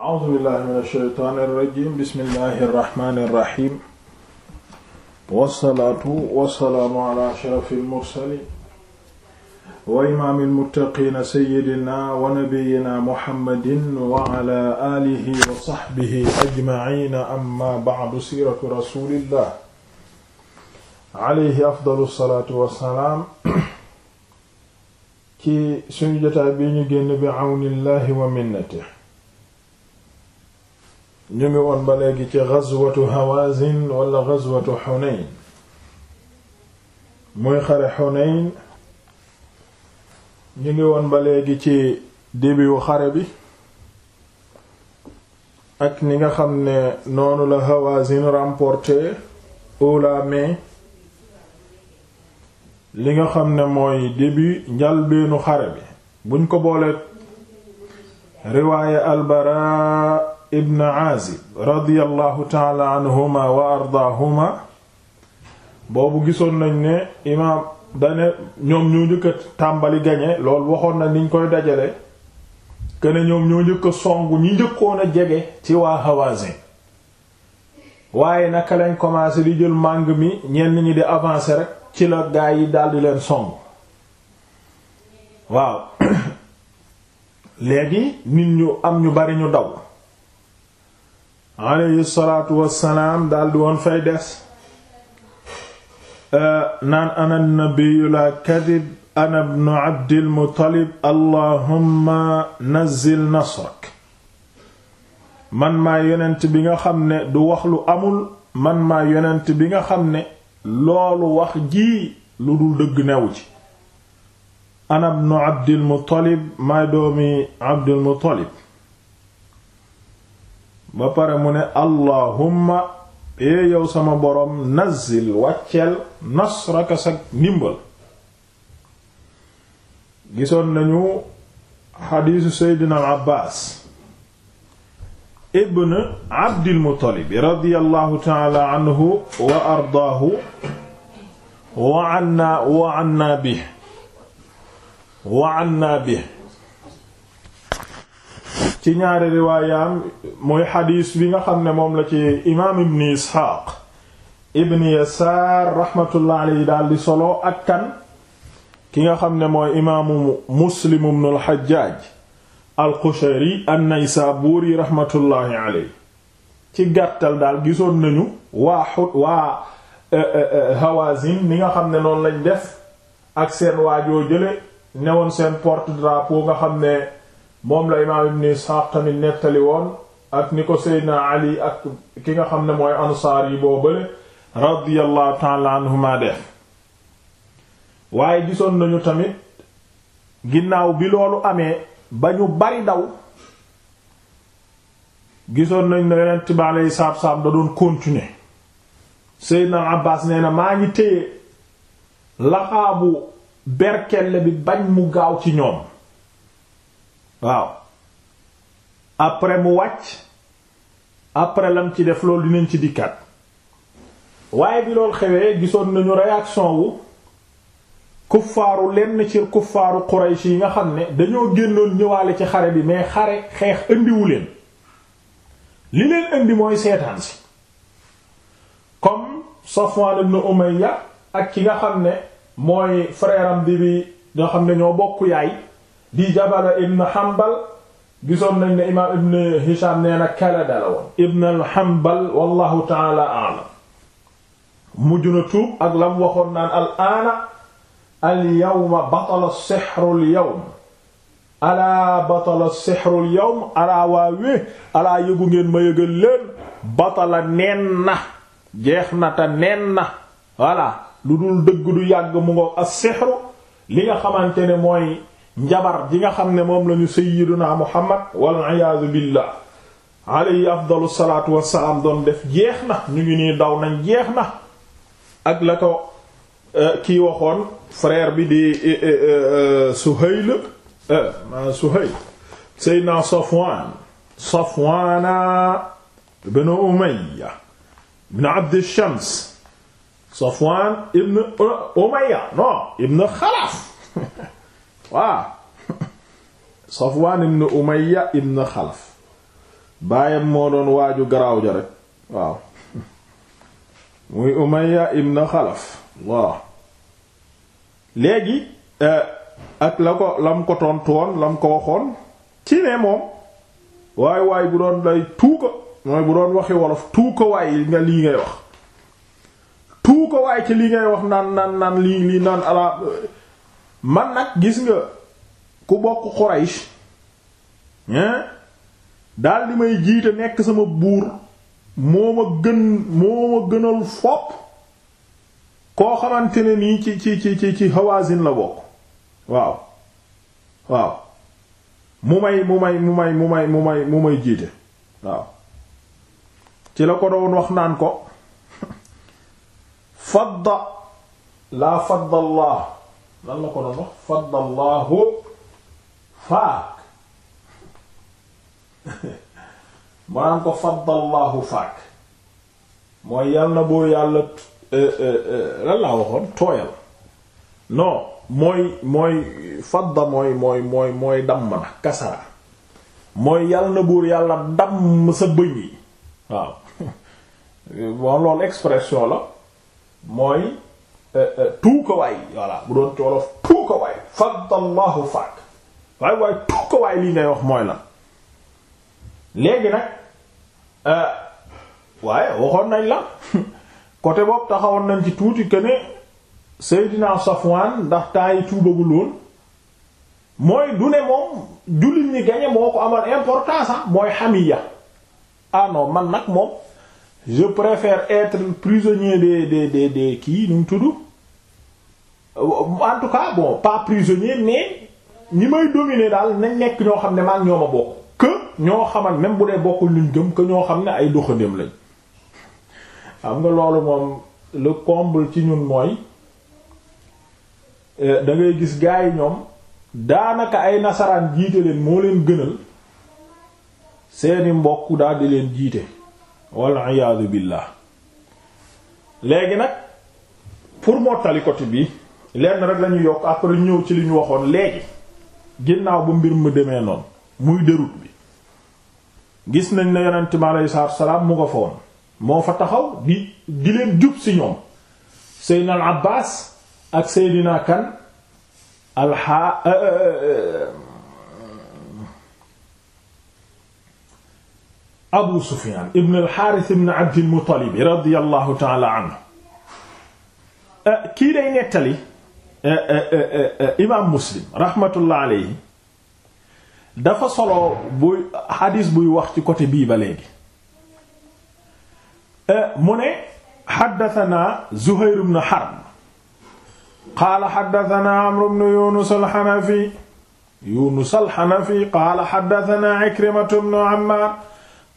a'uuzu billahi mina shaytaani rajiim bismillahi rahmaani rahiim wassalaatu wassalaamu ala ashrafil mursaliin wa imaamil muttaqiina sayyidinaa wa nabiyyinaa muhammadin wa ala aalihi wa sahbihi ajma'iina ammaa ba'du siiratu rasuulillah alayhi afdalu salaatu wassalaam ci suñu jotaay bi ñu génn bi awnillahi wa minnatihi ñu ngi woon ba léegi ci ghazwatu Hawazin wala ghazwatu Hunayn muy xare Hunayn ñu ngi woon ba léegi ci début xare bi ak ni nga xam ne noonu la Hawazin remporté haut la main li nga xam ne mooy début njalbeenu xare bi buñ ko booleet riwaaye al ibn Azib radiyallahu taala anhuma wa ardaahuma boobu gisoon nañ ne imaam dane ñoom ñoo njëkk tàmbali gañe loolu waxoon na niñ koy dajale kene ñoom ñoo njëkk a song ñi njëkkoon a jege ci waa Hawazin waaye naka lañ commencé di jël màng mi ñenn ñi di avancer rek ci la gaa yi daldi leen song waaw léegi nit ñu am ñu bari ñu daw aleyhi salaatu wassalaam daldi woon fay des euh, naan ana nabiyu la kadib ana bnu abdil allahumma nazzil nasrak man maa yonent bi nga xam ne du wax lu amul man maa yonent bi nga xam ne loolu wax jii lu dul dëgg new ci ana bnu abdil muttalib doomi abdil ba pare mu ne allahumma ee yow sama boroom nazzil wàcceel nasraka sa ndimbal gisoon nañu xadiisu seydina al abbaas ibn abdil radiyallahu taala anhu wa ardaahu wa anna wa wa anna bi ci ñaari riwaayaam muy xadiis bi nga xam ne moom la ci imaam ibn isxaaq ibn yasaar raxmatullah alayhi daal di solo ak kan ki nga xam ne mooy imaamu muslim ibn al xajjaaj al qushayri an naysaabuuri raxmatullaahi alayhi ci gàttal daal gisoon nañu waa xut waa eh, eh, eh, hawazin ni nga xam ne noonu lañ def ak seen waajoo jële newoon seen porte drapeau nga xam ne moom la imaam ibn Isxaaq tamit nettali woon ak ni ko seydna Ali ak ki nga xam ne mooy ansaar yi boo radiyallahu taala anhuma def waaye gisoon nañu tamit ginnaaw bi loolu amee ba ñu bari daw gisoon nañ ne yonent bi aleyhi salaatu salaam da doon ne seydna Abbaas nee na maa ngi téye laxaabu berkelle bi bañ mu gaaw ci ñoom waaw après mu wàcc après lam ci def loolu dinañ ci dikkaat waaye bi loolu xewee gisoon nañu réaction wu kuffaaru lenn ci kuffaaru Quraysh yi nga xam ne dañoo génnoon ñëwaale ci xare bi mais xare xeex indiwu leen li leen indi mooy seetaan si comme Safwan ibn Umayya ak ki nga xam ne mooy frère bi bi nga xam ne ñoo bokk yaay di Jabala ibn Hanbal gisoon nañ ne imaam ibn Hisham nee na Kalada la woon ibn al wallahu ta'ala a'lam mujj ak lam waxoon naan al aana al yawma batala sihru al yawm alaa batala sihru al yawm alaa alaa yëgu ngeen ma yëgal leen batala neen na jeex na te neen na voilà lu dul dëgg du yàgg mu ngoog as sihru li nga xamante ne mooy njabar ji nga xam ne moom lañu sayyiduna muhammad wal iyaadu billah alayhi afdalu salaatu wassalaam def jeex na ñu ngi nii daw nañ jeex na ak la ko eh, kii waxoon frère bi di eh, eh, Suhayl ma Suhayl sayyidina Safwan Safwana ibn Abd Shams Safwan ibn Umayya non ibn Xalaf waaw Safwaan ibn Umayya ibn Xalaf baayam moo doon waaju garaaw ja rek waaw muy Umayya ibn Xalaf waaw léegi eh, ak la ko lam ko tontoon lam ko waxoon ci ne moom waaye waay bu doon day tuuka mooy bu doon waxi wolof tuuka waay nga lii ngay wax tuuka waay ci li ngay wax naan naan naan lii lii naan ala man nag gis nga ku bokk Quraysh hein daal di may jiite nekk sama buur moo ma gën moo ma gënal fopp koo xamante ne nii ci ci ci ci ci Hawazin la bokk waaw waaw mu may mu may mu may mu may mu may jiite waaw ci la ko doon wax naan ko fadda laa fadda lan la ko doon wax faddallahu faak mu naan ko faddallahu faak mooy yal na buur yàlla eh, eh, eh, lan laa waxoon tooyal non mooy mooy fadda mooy mooy mooy mooy na kasara mooy yal na buur yàlla damm sa bëñ yi waaw bon loolu expression la mooy tuuka euh, euh, waay voilà bu doon coolof tuuka waay faddallahu faak waay waay lii ngay wax mooy la léegi nag euh, waaye waxoon nañ la côté boobu taxawoon nañ ci tuuti que ne Seydina Safwan ndax temps yi tuubagul woon mooy du ne moom jullit ñi gañe moo ko amal importance ah mooy xamiya ah man nag moom je préfère être prisonnier des des des des kii nu mu tudd en tout cas bon pas prisonnier mais ñi may dominer daal nañ nekk ñoo xam ne maa ñoo ma bokk. que ñoo xamal même bu dee bokkul luñ gëm que ñoo xam ne ay doxandéem lañ xam nga loolu moom le comble ci ñun mooy euh, dangay gis gars yi ñoom daanaka ay nasaraan jiite leen moo leen gënal seeni mbokk daal di leen jiite. wal iyaadu billah léegi nag pour mottali côté bi lenn rek lañu yokk après ñëw ci li ñu waxoon léegi ginnaaw bu mbir mu demee noonu muy déroute bi gis nañ ne yonent mi aleyhi salaatu salaam mu nga fa woon moo fa taxaw di di leen jub ci ñoom seydina al Abbaas ak seydina kan alxaa euh, euh, euh, abu sufiyaan ibn alxaaris ibn abdil muttalibi radiallahu taala anhu eh, kii day nettali eh, eh, imaam muslim raxmatullah aleyhi dafa solo buy xadiis buy wax ci côté bii ba léegi mu ne xaddatanaa zuhayr ibn harb qaala xaddatanaa amr ibn yunus alxanafi yunus alxanafi qaala xaddatanaa ikrimatu ibn ammaar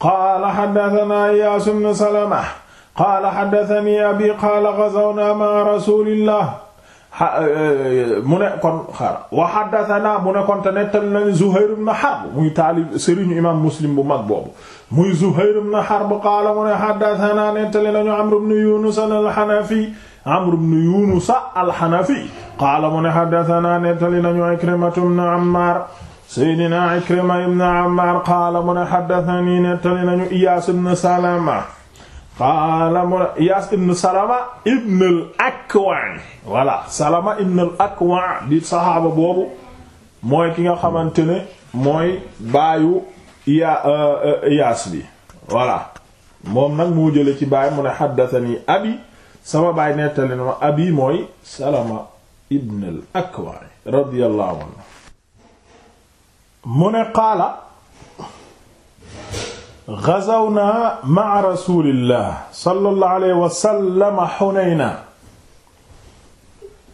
qaala xaddatanaa Iyaasu bnu Salama qaala xaddatani abi qaala gazawnaa maa rasulillah eh, eh, mu ne kon xaar wa xaddatanaa mu ne kon te nettal nañu Zuhayr bnu Harb muy taalib sëriñu imam Muslim bu mag boobu muy Zuhayr bnu Harb qaala mu ne xaddatanaa nettali nañu Amr bnu Yunus al-Hanafi Amr bnu Yunus al-Hanafi qaala mu ne xaddatanaa nettali nañu Ikrimatu bnu Ammaar seydina ikrima ibn ammar qaala mu ne xaddatani nettali nañu iyaas ibn salama qaala mu iyaas ibn salama ibn akwa voilà saxaaba boobu mooy ki nga xamante ne mooy baayu euh, iyaas bi voilà moom nag moo jële ci baay mu ne xaddatani abi sama baay nettali na abi mooy salama ibn al akwa radiyallahu anhu mu ne qaala gazawna ma'a rasulillah sallallahu alayhi wa sallam hunayna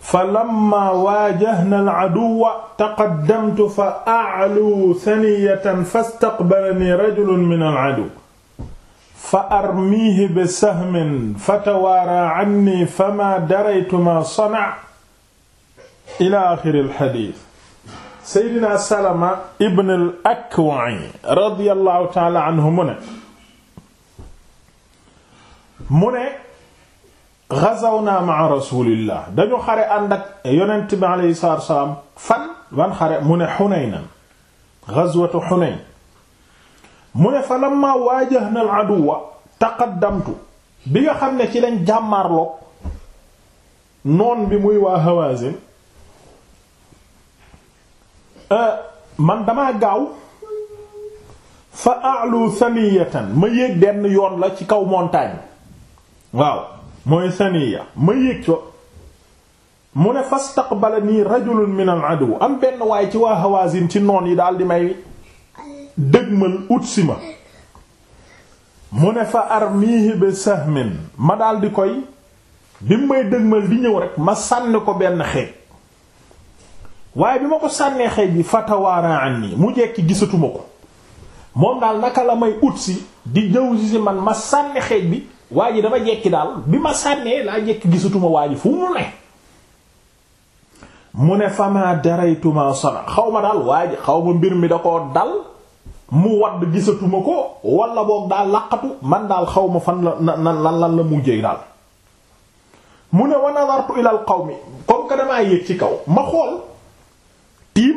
falamma waajahna al-aduwwa taqaddamtu fa a'luu thaniyatan fastaqbalanii rajulun min al-aduwwi fa armiihi bisahmin fatawaaraa cannii famaa daraytu maa sana'a ilaa aaxiri al-hadiis seydina salama ibn al akwa'i radiyallahu taala anhu mu ne mu ne ghazawna ma'a rasulillah dañu xare ànd ak yonent bi alayhi salaatu wasalaam fan ban xare mu ne xunaynan ghazwatu xunayn mu ne fa lamma waajahna al aduwa taqaddamtu bi nga xam ne ci lañ jàmmaarloog noon bi muy waa hawazin Euh, man dama gaaw fa a'lu saniyatan ma yéeg benn yoon la ci kaw montagne waaw mooy saniya ma yéeg co mu ne fastaqbalani rajulun min al adu am benn waay ci waa Hawazin ci noon yi daal di may dëgmal ut si ma mu ne fa armihi bi sahmin ma daal di koy bi may dëgmal di ñëw rek ma sànni ko benn xeej waaye bi ma ko sànnee xëy bi fatawaara anni mu jekki gisatuma ko moom daal naka la may ut si di jëw si man ma sànni xeej bi waa ji dama jekki daal bi ma sànnee laa jekki gisatuma waa fu mu ne mu ne fama xaw ma daal waa ji xaw ma mbir mi da ko dal mu wadd gisatuma ko wala boog daal laqatu man daal xaw ma fan la nan lan lan la mujjee daal mu ne wa nadartu ila xaw mi comme que damaa yéeg ci kaw ma xool tiim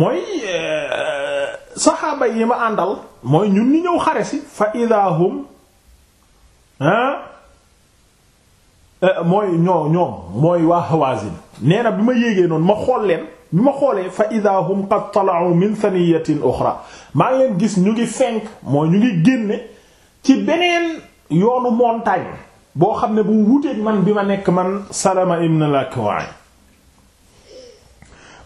mooy euh, saxaaba yi ma àndal mooy ñun ni ñëw xare si fa idahum euh, mooy ñoo ñoom mooy waa Hawazin nee na bi ma yéegee noonu ma xool leen bi ma xoolee fa idahum qad tala'u min thaniyatin ukhra maa ngi leen gis ñu ngi fenk mooy ñu ngi génne ci beneen yoonu montagne boo xam ne bu wuteeg man bi ma nekk man Salama ibn al-Akwa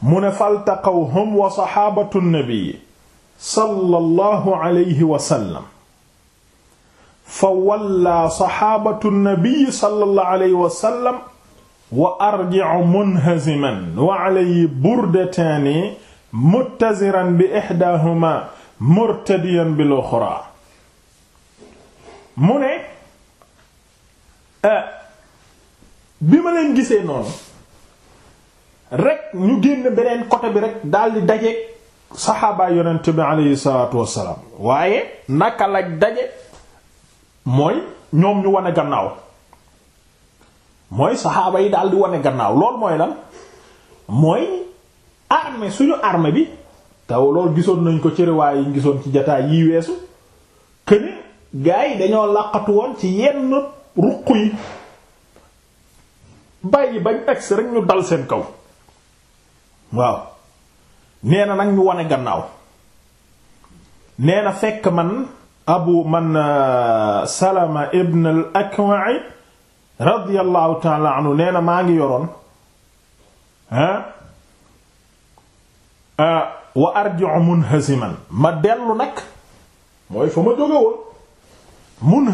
mu ne faltaqaw hum wa saxaabatu nabi sallallahu alayhi wa sallam fa wallaa saxaabatu nabi sallallahu alayhi wa sallam wa arji'u munhaziman wa alayhi burdataani muttaziran bi ihdaahumaa murtadiyan bil uxraa mu ne eh, bi ma leen gisee noonu rekk ñu génn beneen côté bi rek daal di daje saxaabaa yonent bi aleyhi salaatu wassalaam waaye naka la daje mooy ñoom ñu wane gannaaw mooy saxaaba yi daal di wane gannaaw loolu mooy lan mooy armée suñu arme bi te lool gisoon nañ ko ci riwaay yi gisoon ci jataay yi weesu këni gaa yi dañoo laqatu woon ci yenn ruq yi bàyyi bañ agsi rek ñu dal seen kaw waaw nee nag ñu wane gannaaw nee fekk man abu man euh, salama ibn al akwa'i radiyallahu ta'ala anhu maa ngi yoroon ah wa arji'u munhaziman ma dellu nag mooy fa ma jóge woon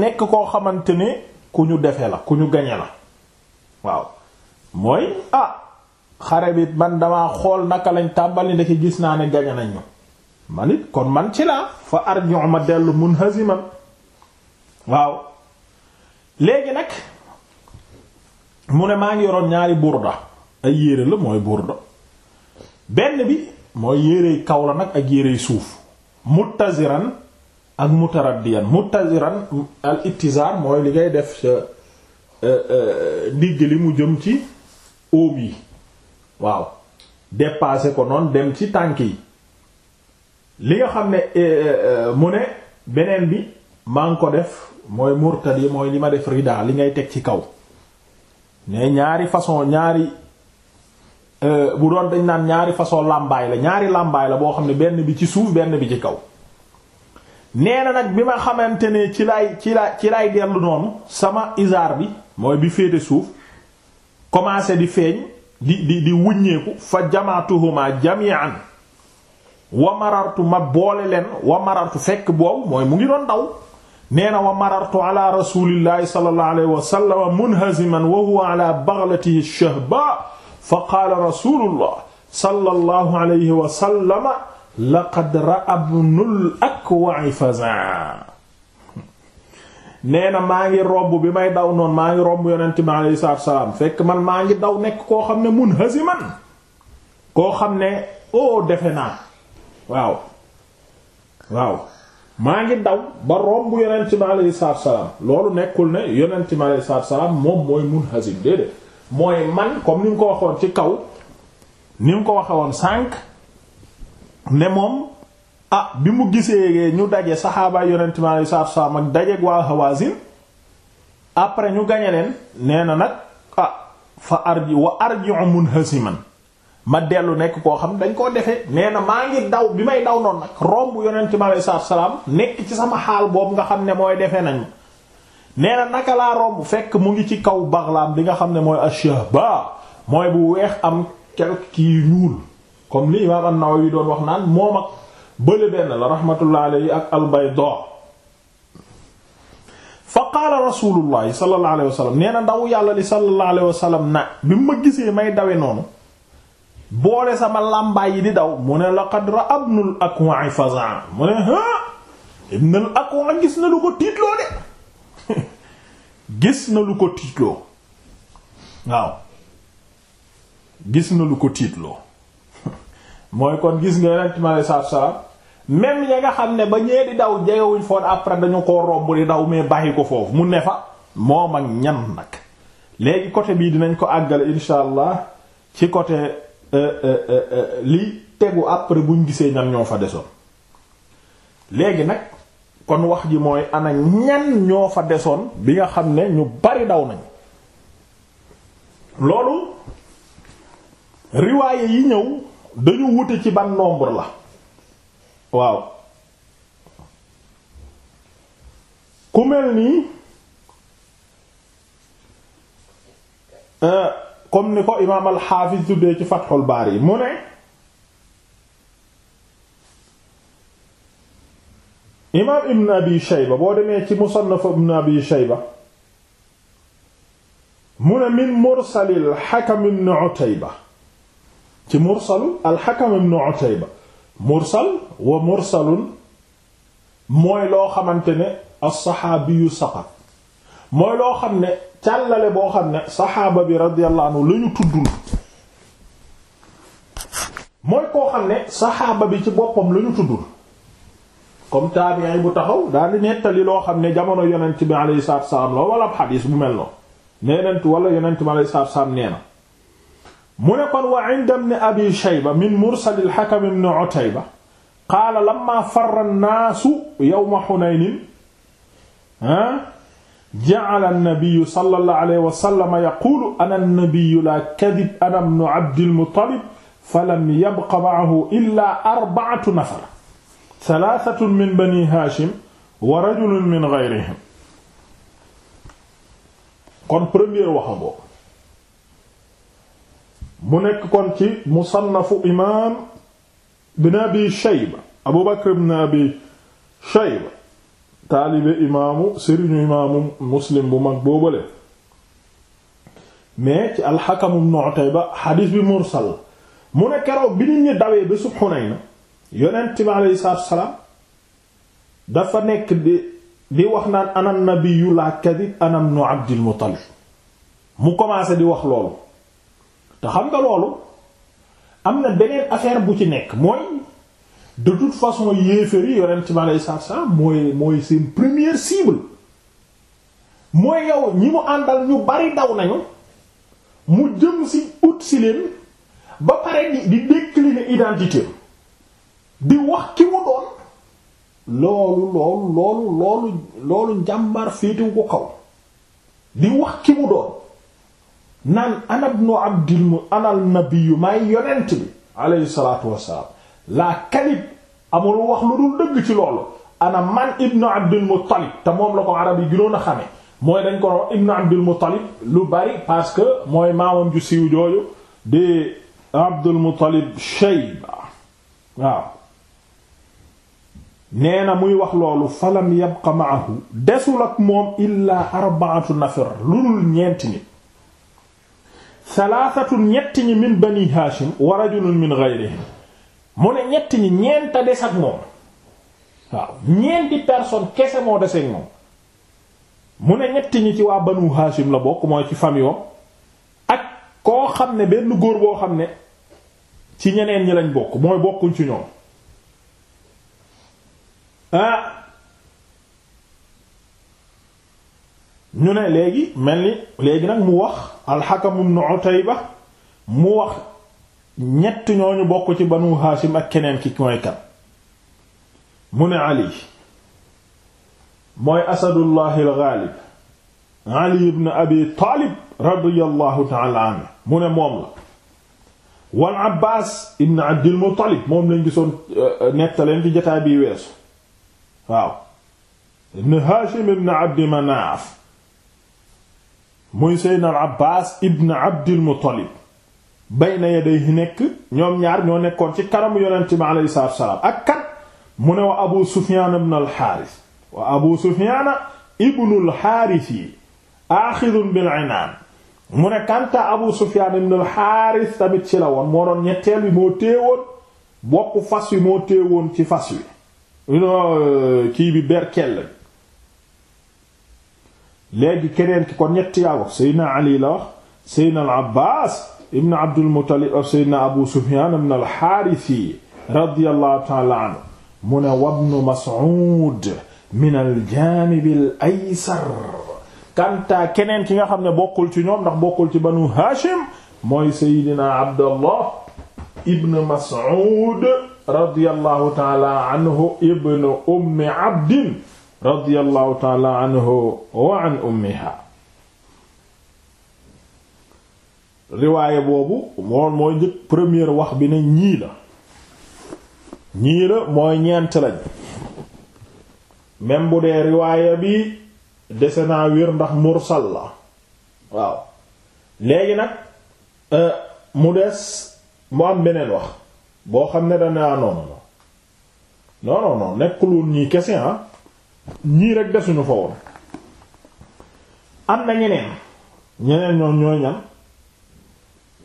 nekk koo xamante ne ku ñu defe la ku ñu gañe la waaw mooy ah xare bi man damaa xool naka lañ tàmbali ndeke gis naa ne gañe nañ ñu man it kon man ci laa fa arju ma dellu munhaziman waaw léegi nag mu ne maa ngi yoroon ñaari burda ay yére la mooy burda benn bi mooy yérey kaw la nag ak yérey suuf muttaziran ak mutaraddiyan muttaziran al ittizaar mooy li ngay def sa euh, euh, digg li mu jëm ci óom yi waaw dépassé ko noonu dem ci tànk yi li nga xam ne eh, eh, mu ne beneen bi maa ngi ko def mooy murtadi mooy li ma def rida li ngay teg ci kaw mais ñaari façon ñaari eh, bu doon dañ naan ñaari façon làmbaay la ñaari làmbaay la boo xam ne benn bi ci suuf benn bi ci kaw nee na nag bi ma xamante ne ci lay ci lay ci lay dellu noonu sama isaar bi mooy bi féete suuf commencé di feeñ di di di wuññeeku fa jamaatuhuma jami'an wa marartu ma boole leen wa marartu fekk boobu mooy mu ngi doon daw nee na wa marartu ala rasulillahi sallallahu alayhi wa sallam munhaziman wa huwa ala baghlatihi shahba fa qaala rasulullah sallallahu alayhi wa sallam laqad ra'a ibnul akwa'i fazan nee na maa ngi romb bi may daw noonu maa ngi romb yonent bi alayhi salaatu salaam fekk man maa ngi daw nekk koo xam ne mun munhasiman koo xam ne oo oh, defe naa waaw waaw maa ngi daw ba romb yonent bi alayhi salaatu salaam loolu nekkul ne yonent bi alayhi salaatu salaam moom mooy munhasim mooy man comme ni mu ko waxoon ci kaw ni mu ko waxee woon sànq ne moom. ah bi mu gisee ñu daje saxaabaay yonent mi alayhi salaatu salaam ak dajeeg waa Hawazin après ñu gañe leen nee na nag ah fa arji wa arji'u munhasiman ma dellu nekk koo xam dañ koo defee nee na maa ngi daw bi may daw noonu nag romb yonent mi alayhi salaatu salaam nekk ci sama xaal boobu nga xam ne mooy defee nañ nee na naka laa romb fekk mu ngi ci kaw baxlaam bi nga xam ne mooy ashahba mooy bu weex am quelque kii ñuul comme li imaam an-Nawawi doon wax naan moom ak bële benn la rahmatullah alayhi ak albayda fa qaala rasulullahi sallallahu alayhi wa nee na ndaw yàlla li sallallahu alayhi wa na bi mu ma gisee may dawe noonu boole sama làmbaay yi di daw mu ne laqad ra'a ibnul Akwa' fazan mu ne ah ibnul Akwa' gis na lu ko tiitloo de gis na lu ko tiitloo waaw gis na lu ko tiitloo mooy kon gis nga yonent mi alei saatu salaam même ya nga xam ne ba ñee di daw jegewuñ foon après dañu ko romb di daw mais bàyyi ko foofu mu ne fa moom ak ñan nag léegi côté bii dinañ ko àggale insha allah ci côté euh, euh, euh, li tegu après buñ gisee ñan ñoo fa desoon léegi nag kon wax ji mooy ana ñan ñoo fa desoon bi nga xam ne ñu bari daw nañ loolu riwaaye yi ñëw dañu wute ci ban nombre la waaw ku mel nii euh, comme ni ko imaam alxaafis tuddee ci Fathul Baari mu ne imaam Ibn Abi Shayba boo demee ci Musannaf Ibn Abi Shayba mu ne min mursalil Hakam ibn Utayba ci mursal alxakam ibnu utayba mursal wa mursalun mooy loo xamante ne alsaxaabiyu saqat mooy loo xam ne càllale boo xam ne saxaaba bi radiyallahu anhu la ñu tuddul mooy koo xam ne saxaaba bi ci boppam la ñu tuddul comme taabi'i bu taxaw daal di nettali loo xam ne jamono yonent bi alayhi salaatu wa salaam la wala ab xadiis bu mel noonu nee nañ wala yonent bi alayhi salaatu wa salaam nee na mu ne kon wa inda ibn abi shayba min mursal al-hakam ibn utayba qaala lamma farra an-naasu yawma hunaynin ha ah, ja'ala an-nabiyyu sallallahu alayhi wa sallam yaqulu ana an-nabiyyu la kadhib ana ibn abd al-muttalib falam yabqa ma'ahu illa arba'atu nafar thalathatun min bani haashim wa rajulun min ghayrihim kon premier waxam mu nekk kon ci musannafu imaam ibn abi shayba abu bakr ibn abi shayba taalibe imaamu sëriñu imaamu muslim bu mag boobale mais ci alxakamu ibn utayba xadiis bi mursal mu ne keroog bi nit ñi dawee ba sub xunayna yonent bi aleyhi salaatu wassalaam dafa nekk di di wax naan ana nabiyyu la kadib ana ibn abdil muttalib mu commencé di wax loolu xam nga loolu am na beneen affaire bu ci nekk mooy de toute façon yéefar yi yonent bi aleyhi salaatu salaam mooy mooy seen première cible mooy yow ñi mu àndal ñu bari daw nañu mu jëm ci ut ci leen ba pare di di décliner identité di wax ki mu doon loolu loolu loolu loolu njàmbaar féetewu ko kaw di wax ki mu doon naan ana ibnu abdil mu anal nabiyyu maay yonent bi alayhi salaatu wassalaam laa kalib amul wax lu dul dëgg ci loolu ana man ibnu abdil muttalib te moom la ko arab yi gënoon a xamee mooy dañ ko wax ibnu abdil muttalib lu bari parce que mooy maamam ju siiw jooju di abdul muttalib shayba waaw na muy wax loolu falam yabqa ma'ahu desul ak moom illaa arba'atu nafar lu dul ñeenti nit thalathatun ñett ñi min bani hashim wa rajulun min ghayrihim mu ne ñett ñi ñeenta des ak moom waaw ñeenti personne kese moo des ak moom mu ne ñett ñi ci waa banu hashim la bokk mooy ci famille ak koo xam ne benn góor boo xam ne ci ñeneen ñi lañ bokk mooy bokkuñ ci ñoom ah, ñu ne léegi mel ni léegi nag mu wax alxakam ibnu Utayba mu wax ñett ñooñu bokk ci banu Haashim ak keneen ki mooy kan mu ne Ali mooy Asadullahi al-Ghalib Ali ibn Abi Taalib radiyallahu ta'ala anhu mu ne moom la wal Abbaas ibn Abdil Muttalib moom lañ gisoon euh, nettaleen ci jotaay bi weesu waaw ibn Haashim ibn Abdi Manaaf muy seydna al abbas ibn abdil muttalib bayna nekk ñoom ñaar ñoo nekkoon ci kanamu yonent bi aleyhi salaatu wasalaam ak mu ne wa abu sufyan ibn al xaaris wa abu sufyan ibn al xaaris yi aaxidun bil inaan mu kanta abu sufyan ibn al xaaris tamit ci la woon moo doon ñetteel moo téewoon bokk fas wi moo téewoon ci fas wi kii bi berkell léegi keneen ki kon ñetti yaa wax seydna ali la wax seydna al abbas ibn abdul muttalib ak euh, seydna abu sufyan ibn al xaarisi radiyallahu ta'ala anhu mu ne wabnu mas'ud min al janib al aysar kantaa keneen ki nga xam ne bokkul ci ñoom ndax bokkul ci banu hashim mooy seydna abdallah ibn mas'ud radiyallahu ta'ala anhu ibn ummi abdin radiyallahu taala anhu wa an ummiha riwaaye boobu moom mooy njëkk première wax bi ne ñii la ñii la mooy ñeent lañ même bu dee riwaaye bi dese naa wér ndax mursal la waaw léegi nag euh, mu des mu am beneen wax boo xam ne dana noonu non non non nekkul woon ñii kese ah ñii rek desuñu fa woon am na ñeneen ñeneen ñoom ñooy ñan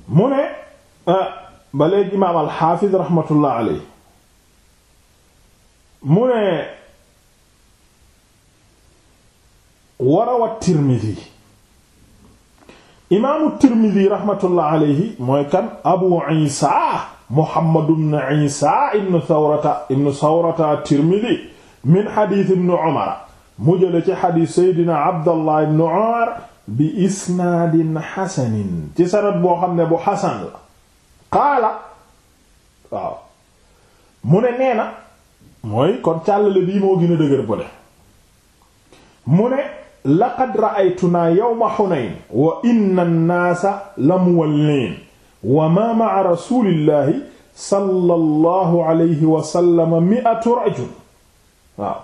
mu ne euh, ba léegi imaam alxaafiz raxmatullah aley mu ne warawa tirmidi imaamu tirmidi raxmatullah mooy kan abu isa muhammad ibn ibn sawrata ibn sawrata tirmidi min xadiis ibnu Umar mu jële ci xadiis Seydina Abdallah ibnu Umar bi isnaadin xasanin ci sanad boo xam ne bu xasan la qaala waaw mu ne nee na mooy kon càllale bii moo gën a dëgër bële mu ne laqad ra'aytunaa yawma xunayn wa inna an-naasa la muwalliin wa maa ma'a rasuulillaahi sallallahu alayhi wa sallam mi'atu rajul waaw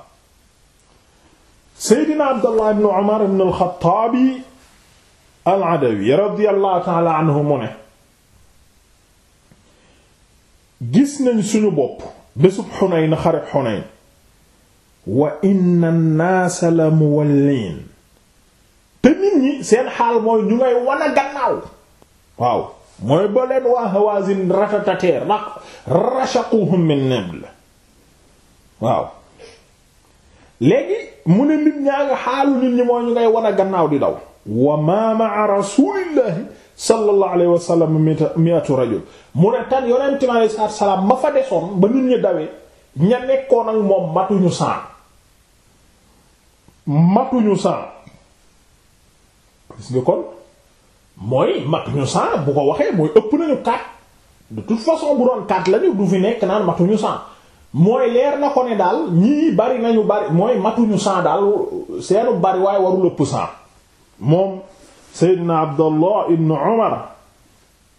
seydina abdallah ibn umar ibn alxataabi al adawi radiallahu taala anhu mu ne gis nañ suñu bopp bésub xuneyn xareb xuneyn wa inna naasa la muwallin te nit ñi seen xaal mooy ñu ngay wan a gannaaw waaw mooy ba leen waa hawazin ratatateer rashaqohum min nebl waaw léegi mu ne nit ñaa nga xaalu nit ñi mooy ñu ngay wan a gannaaw di daw wa ma maa rasulillahi sallallahu salaam ma fa desoon ba nit ñi dawee ña nekkoon ak moom matuñu san matuñu san gis nga kon mooy matuñu san bu ko waxee mooy ëpp nañu kat de toute façon bu doon kat lañu du fi nekk naan matuñu san mooy leer na ko ne daal ñii bari nañu bari mooy matuñu cent daal seenu bari waaye warul ëpp cent moom Seydina Abdallah ibn Umar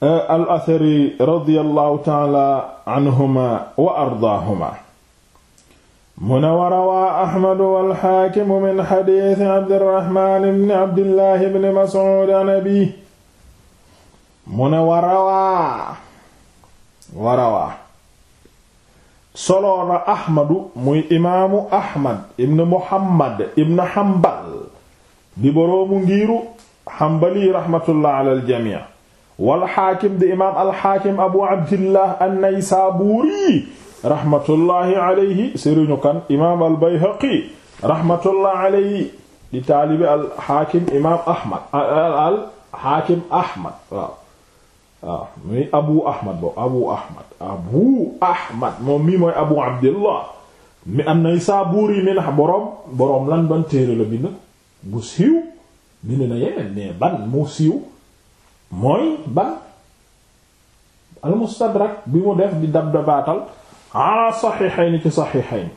euh, al athari radiyallahu taala anhuma wa ardaahuma mu ne wa rawaa ahmadu walxaakimu min xadiisi abdirahman ibni abdillahi ibni mas'ud an mu ne wa rawaa wa rawaa soloona ahmadu muy imaamu ahmad ibn muhammad ibn hambal di boroomu ngiiru hambali rahmatullah ala aljamii walxaakim di imaam alxaakim abu abdillah an-naysaabuuri rahmatullahi alayhi sëriñu kan imaam albayhaqi rahmatullah alayhi di taalibi alxaakim imaam ahmad alxaakim ahmad waaw waaw ah, muy abu ahmad bo abu ahmad abu ahmad moom mii mooy abu abdillah mi an-Naysaburi mi nax boroom boroom lan ban téere la bind bu siiw bind na yeneen mais ban mu siiw mooy ban al-Mustadrak bi mu def di dab dabaatal ala saxiixayni ci saxiixayni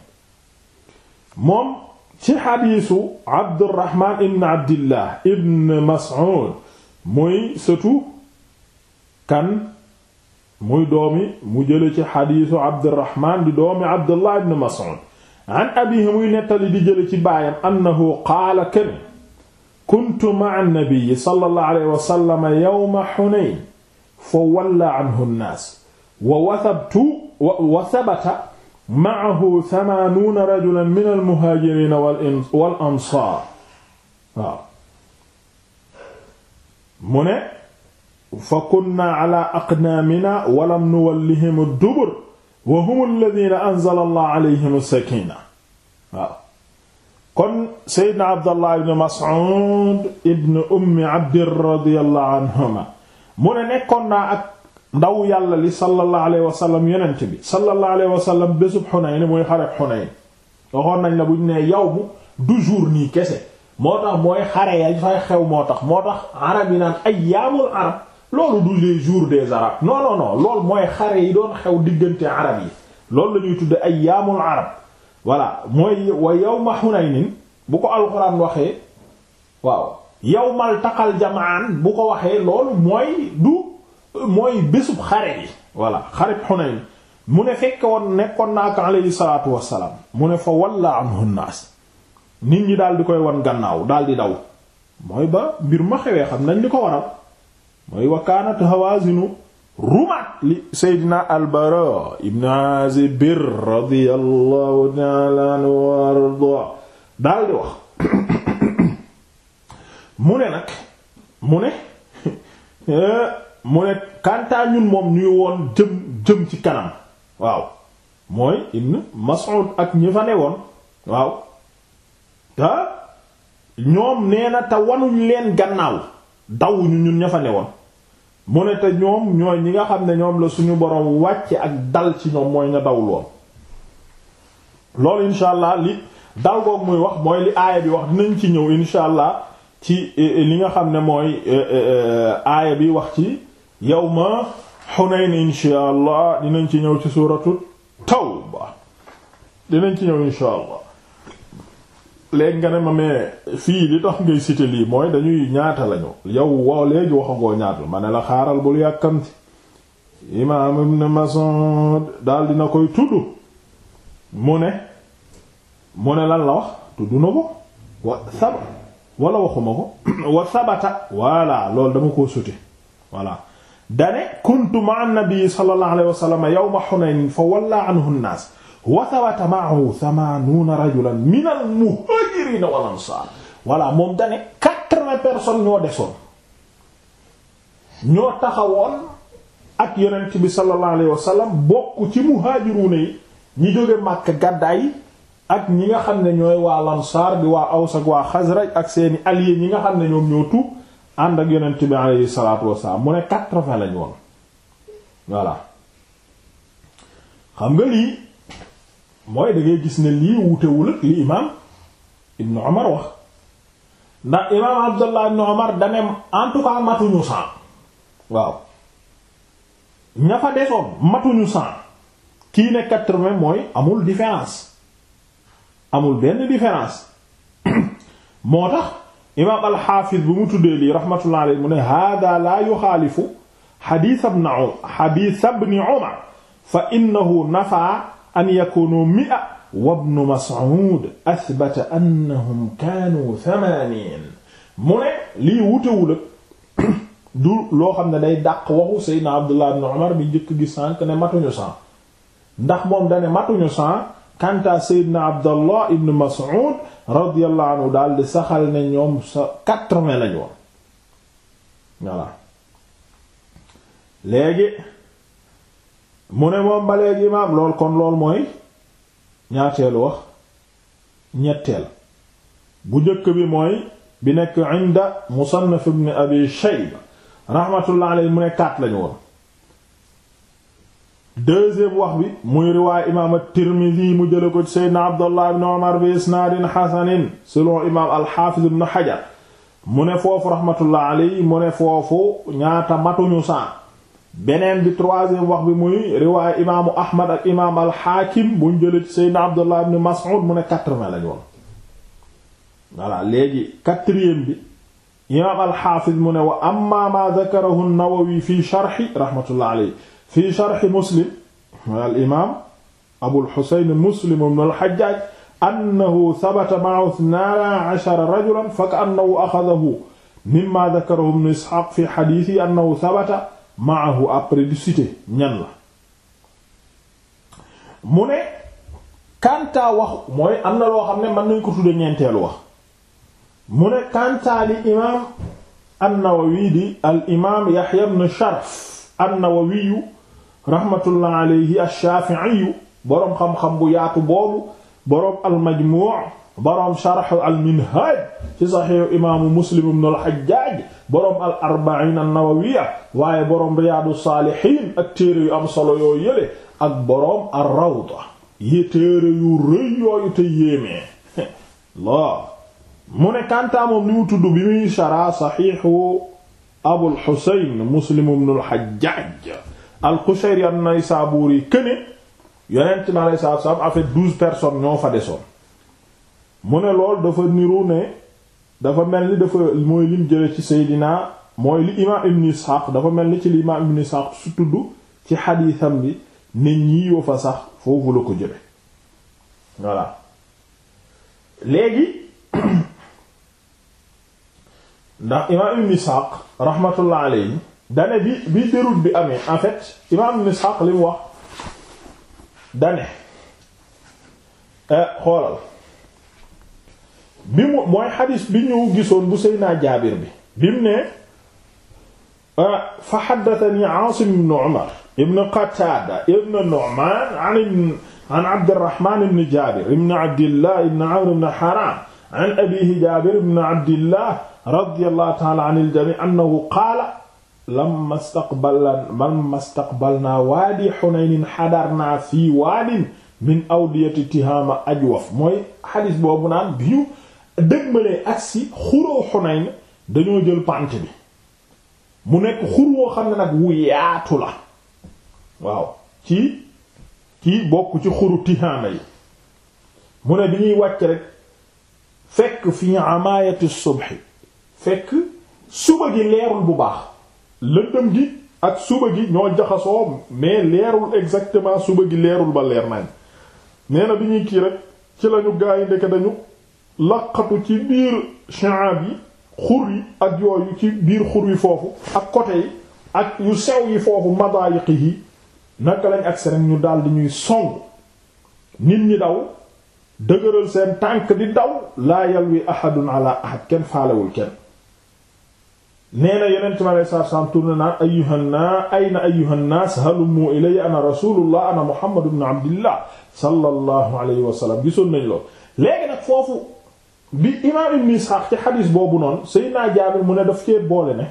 moom ci xadiisu Abdurrahman ibn Abdillah ibn Mas'ud muy surtout kan muy doomi mu jële ci xadiisu abdirahman di doomi abdullah ibn mas'ud an abihi muy nettali di jële ci baayam annahu qaala ken kuntu ma'a an-nabi sallallahu alayhi wa sallam yawma hunayn fa walla anhu an-naas wa wasabtu wa sabata ma'ahu thamaanuuna rajulan min al-muhaajiriina wal ansaar waaw mu ne fa kunna ala aqnaamina walam nuwallihim ad-dubur wa hum alladhina anzala allah alayhim as-sakina waaw kon seydna abdallah ibn mas'ud ibn ummi abdir radiyallahu anhuma mu ne nekkoon naa ak ndaw yàlla li sallallahu alayhi wa sallam yonent bi sallallahu alayhi wa sallam bésub Xunayn mooy xareb Xunayn waxoon nañ la buñ ne yow bu du jour nii kese moo tax mooy xare ya fay xew moo tax moo tax arab yi naan ayyaamul arab loolu du les jours des arabes non non mooy xare yi doon xew diggante arab yi loolu la ñuy tudde ayyaamul arab voilà mooy wa yawma hunaynin bu ko alxuraan waxee waaw yawmal taqal jamaan bu ko waxee lool mooy du mooy bésub xare yi voilà xareb Hunayn mu ne fekke woon nekkoon naa ko alayhi wassalaam mu ne fa walla anhu naas nit ñi daal di koy won gannaaw daal di daw mooy ba mbir ma xewee xam nañ li ko waral mooy wakaanat hawazinu rumat li seydina albara ibn azib radiyallahu ta'ala anhu wa ardaa daal wax mu ne nag mu ne mu ne kantaa ñun moom ñuy woon jëm jëm ci kanam waaw mooy ibn mas'ud ak ñi fa woon waaw te ñoom nee na te wanuñ leen gannaaw dawuñu ñun ña fa woon mu ne te ñoom ñooy ñi nga xam ne ñoom la suñu boroom wàcce ak dal ci ñoom mooy nga dawloon loolu insha allah li dal goog muy wax mooy li aaya bi wax dinañ ci ñëw insha allah ci e, e, li nga xam ne mooy e, aaya bi wax ci yawma Hunayn insha allah dinañ ci ñëw ci suuratu tawba dinañ ci ñëw insha léegi nga ne ma mais fii li tax ngay cité lii mooy dañuy ñaata lañu yow waaw léegi waxagoo ñaata ma ne la xaaral bul yàkkamti imaam ibn Mas'ud daal dina koy tudd mu ne mu ne lan la wax tudd na ko wa saba wala ko wa sabata voilà loolu dama koo suti voilà dane kuntu ma'a an-nabi sallallahu alayhi wa sallam fa walla anhu an wa thabata ma'ahu thamanuuna rajulan min al muhaajiriina wal ansaar voilà moom dane quatre-vingts personnes ñoo desoon ñoo taxawoon ak yonent bi sallallahu alayhi wa bokk ci muhaajiruuna yi ñi jóge Makka gàddaay ak ñi nga xam ne ñooy waa lansaar bi waa Aws ak waa Xasraj ak seeni alliés ñi nga xam ne ñoom ñoo tuub ànd ak yonent bi alayhi salaatu wassalaam mu ne quatre-vingts lañu woon xam nga lii mooy da ngay gis ne lii wutewul li imaam Ibn Omar wax ndax imaam Abdallah Ibn Omar da ne matuñu sang waaw ña desoon matuñu sang kii ne quatre mooy amul différence amul benn différence moo tax imaam alxaafis bu mu tuddee lii rahmatullah mu ne hada la yuxaalifu xadiis ibn Umar fa innahu nafa an yakunu mi'a wa ibnu Mas'ud athbata annahum kaanu mu ne lii wutewul du loo xam ne day dàq waxu Seydina Abdullah ibn Umar bi njëkk gi ne matuñu cent ndax moom dane matuñu cent kanta Seydina Abdullah ibn Mas'ud radiyallahu anhu daal saxal ne ñoom sa quatre-vingts lañu léegi mu ne moom ba imaam lool kon lool mooy ñaateelu wax ñetteel bu jëkk bi mooy bi nekk inda musannaf ibn abi shayba rahmatullah alayhi mu ne kaat lañu wax bi muy riwaay imaam at-Tirmidhi mu jële ko ci Abdullah ibn Umar bi isnaadin hasanin selon imaam al ibn Hajar mu ne foofu rahmatullah mu ne foofu ñaata matuñu saan beneen bi troisième wax bi muy riwaaye imaamu ahmad ak imaam alxaakim buñ jëlee ci seydna abdullah ibn mas'ud mu ne quatre-vingts lañ woon voilà léegi quatrième bi imaam alxaafiz mu ne wa amma ma dakarahu an-nawawi fi sharxi rahmatullah alayhi fi sharxi muslim mooy al imaam abul xuseyn muslim ibn al-hajjaaj annahu sabata ma'ahu ithnaa ashara rajulan fa ka'annahu axadahu mimma dakarahu ibn isxaaq fi xadiisihi annahu sabata maahu après du cité ñan la mu ne kantaa wax mooy am xam ne mën nañ ko tudde ñeenteelu wax mu ne kantaa li imaam an di al imaam Sharaf an rahmatullah alayhi ash-Shafi'iyu boroom xam-xam bu yaatu boobu boroom al-Majmu' boroom sharh al-Minhaj ci Sahih imaamu Muslim ibn al-Hajjaj boroom al-Arba'in an-Nawawiyya waaye boroom Riyâdous-Sâlihîne ak téere yu am solo yoo yële ak boroom ar-Rawda yi téere yu rëy yooyu te yéemee laa mu ne kantaa moom li mu tudd bi muy shara saxiixu Abul Husayn Muslim ibn al-Hajjaj al-Qushayri an-Naysaburi këne yonent mi alayhi salaatu wa salaam en fait douze fa desoon mu ne lool dafa niru ne dafa mel ni dafa mooy lim jële ci Seydina mooy li imaam Ibn Ishaq dafa mel ni ci li imaam Ibn Ishaq su tudd ci xadiisam bi ne ñii yoo fa sax foofu la ko jële voilà léegi ndax imaam Ibn Ishaq rahmatullah alayhi dane bi bi déroute bi amee en fait imaam Ibn Ishaq li mu wax dane eh, xoolal bi mu mooy xadis bi ñu gisoon bu Seydina Jaabir bi bi mu ne ah, fa haddathani Aasim ibn Umar ibn Qataada ibn Nu'maan an an Abdurrahmaan ibn Jaabir ibn Abdillah ibn Amr ibn Haraam an abiihi Jaabir ibn Abdillah radiyallahu ta'ala anil jamii' annahu qaala lamma istaqbalna lamma istaqbalna waadi Hunaynin hadarna fii waadin min awdiyati Tihaama ajwaf mooy xadis boobu naan bi ñu dëgmalee agsi xuroo Xunayn dañoo jël pant bi mu nekk xur woo xam ne nag wu yaatu la waaw ci ci bokk ci xuru tihaama yi mu ne bi ñuy wàcc rek fekk fi amaayati subhi fekk suba gi leerul bu baax lëndëm gi ak suba gi ñoo jaxasoo mais leerul exactement suba gi leerul ba leer nañ nee na bi ñuy kii rek ci lañu gaay ndeke dañu laqatu ci biir shi'ab yi xur yi ak yooyu ci biir xur yi foofu ak côté yi ak yu sew yi foofu madayiqi yi naka lañ agsi rek ñu daal di ñuy song nit ñi daw dëgëral seen tànk di daw laa yalwi ahadun ala ahad kenn faalewul kenn nee na yonent mi alei satu selaam tourne naan ayyuhanna ayna ayyuhannaas halumu ilayya ana rasulullah ana muhammad ibn abdillah sallallahu alayhi wa gisoon nañ lool léegi nag foofu bi imaam ibn Isxaaq ci xadiis boobu noonu Seydina Jaabir mu ne daf cee boole ne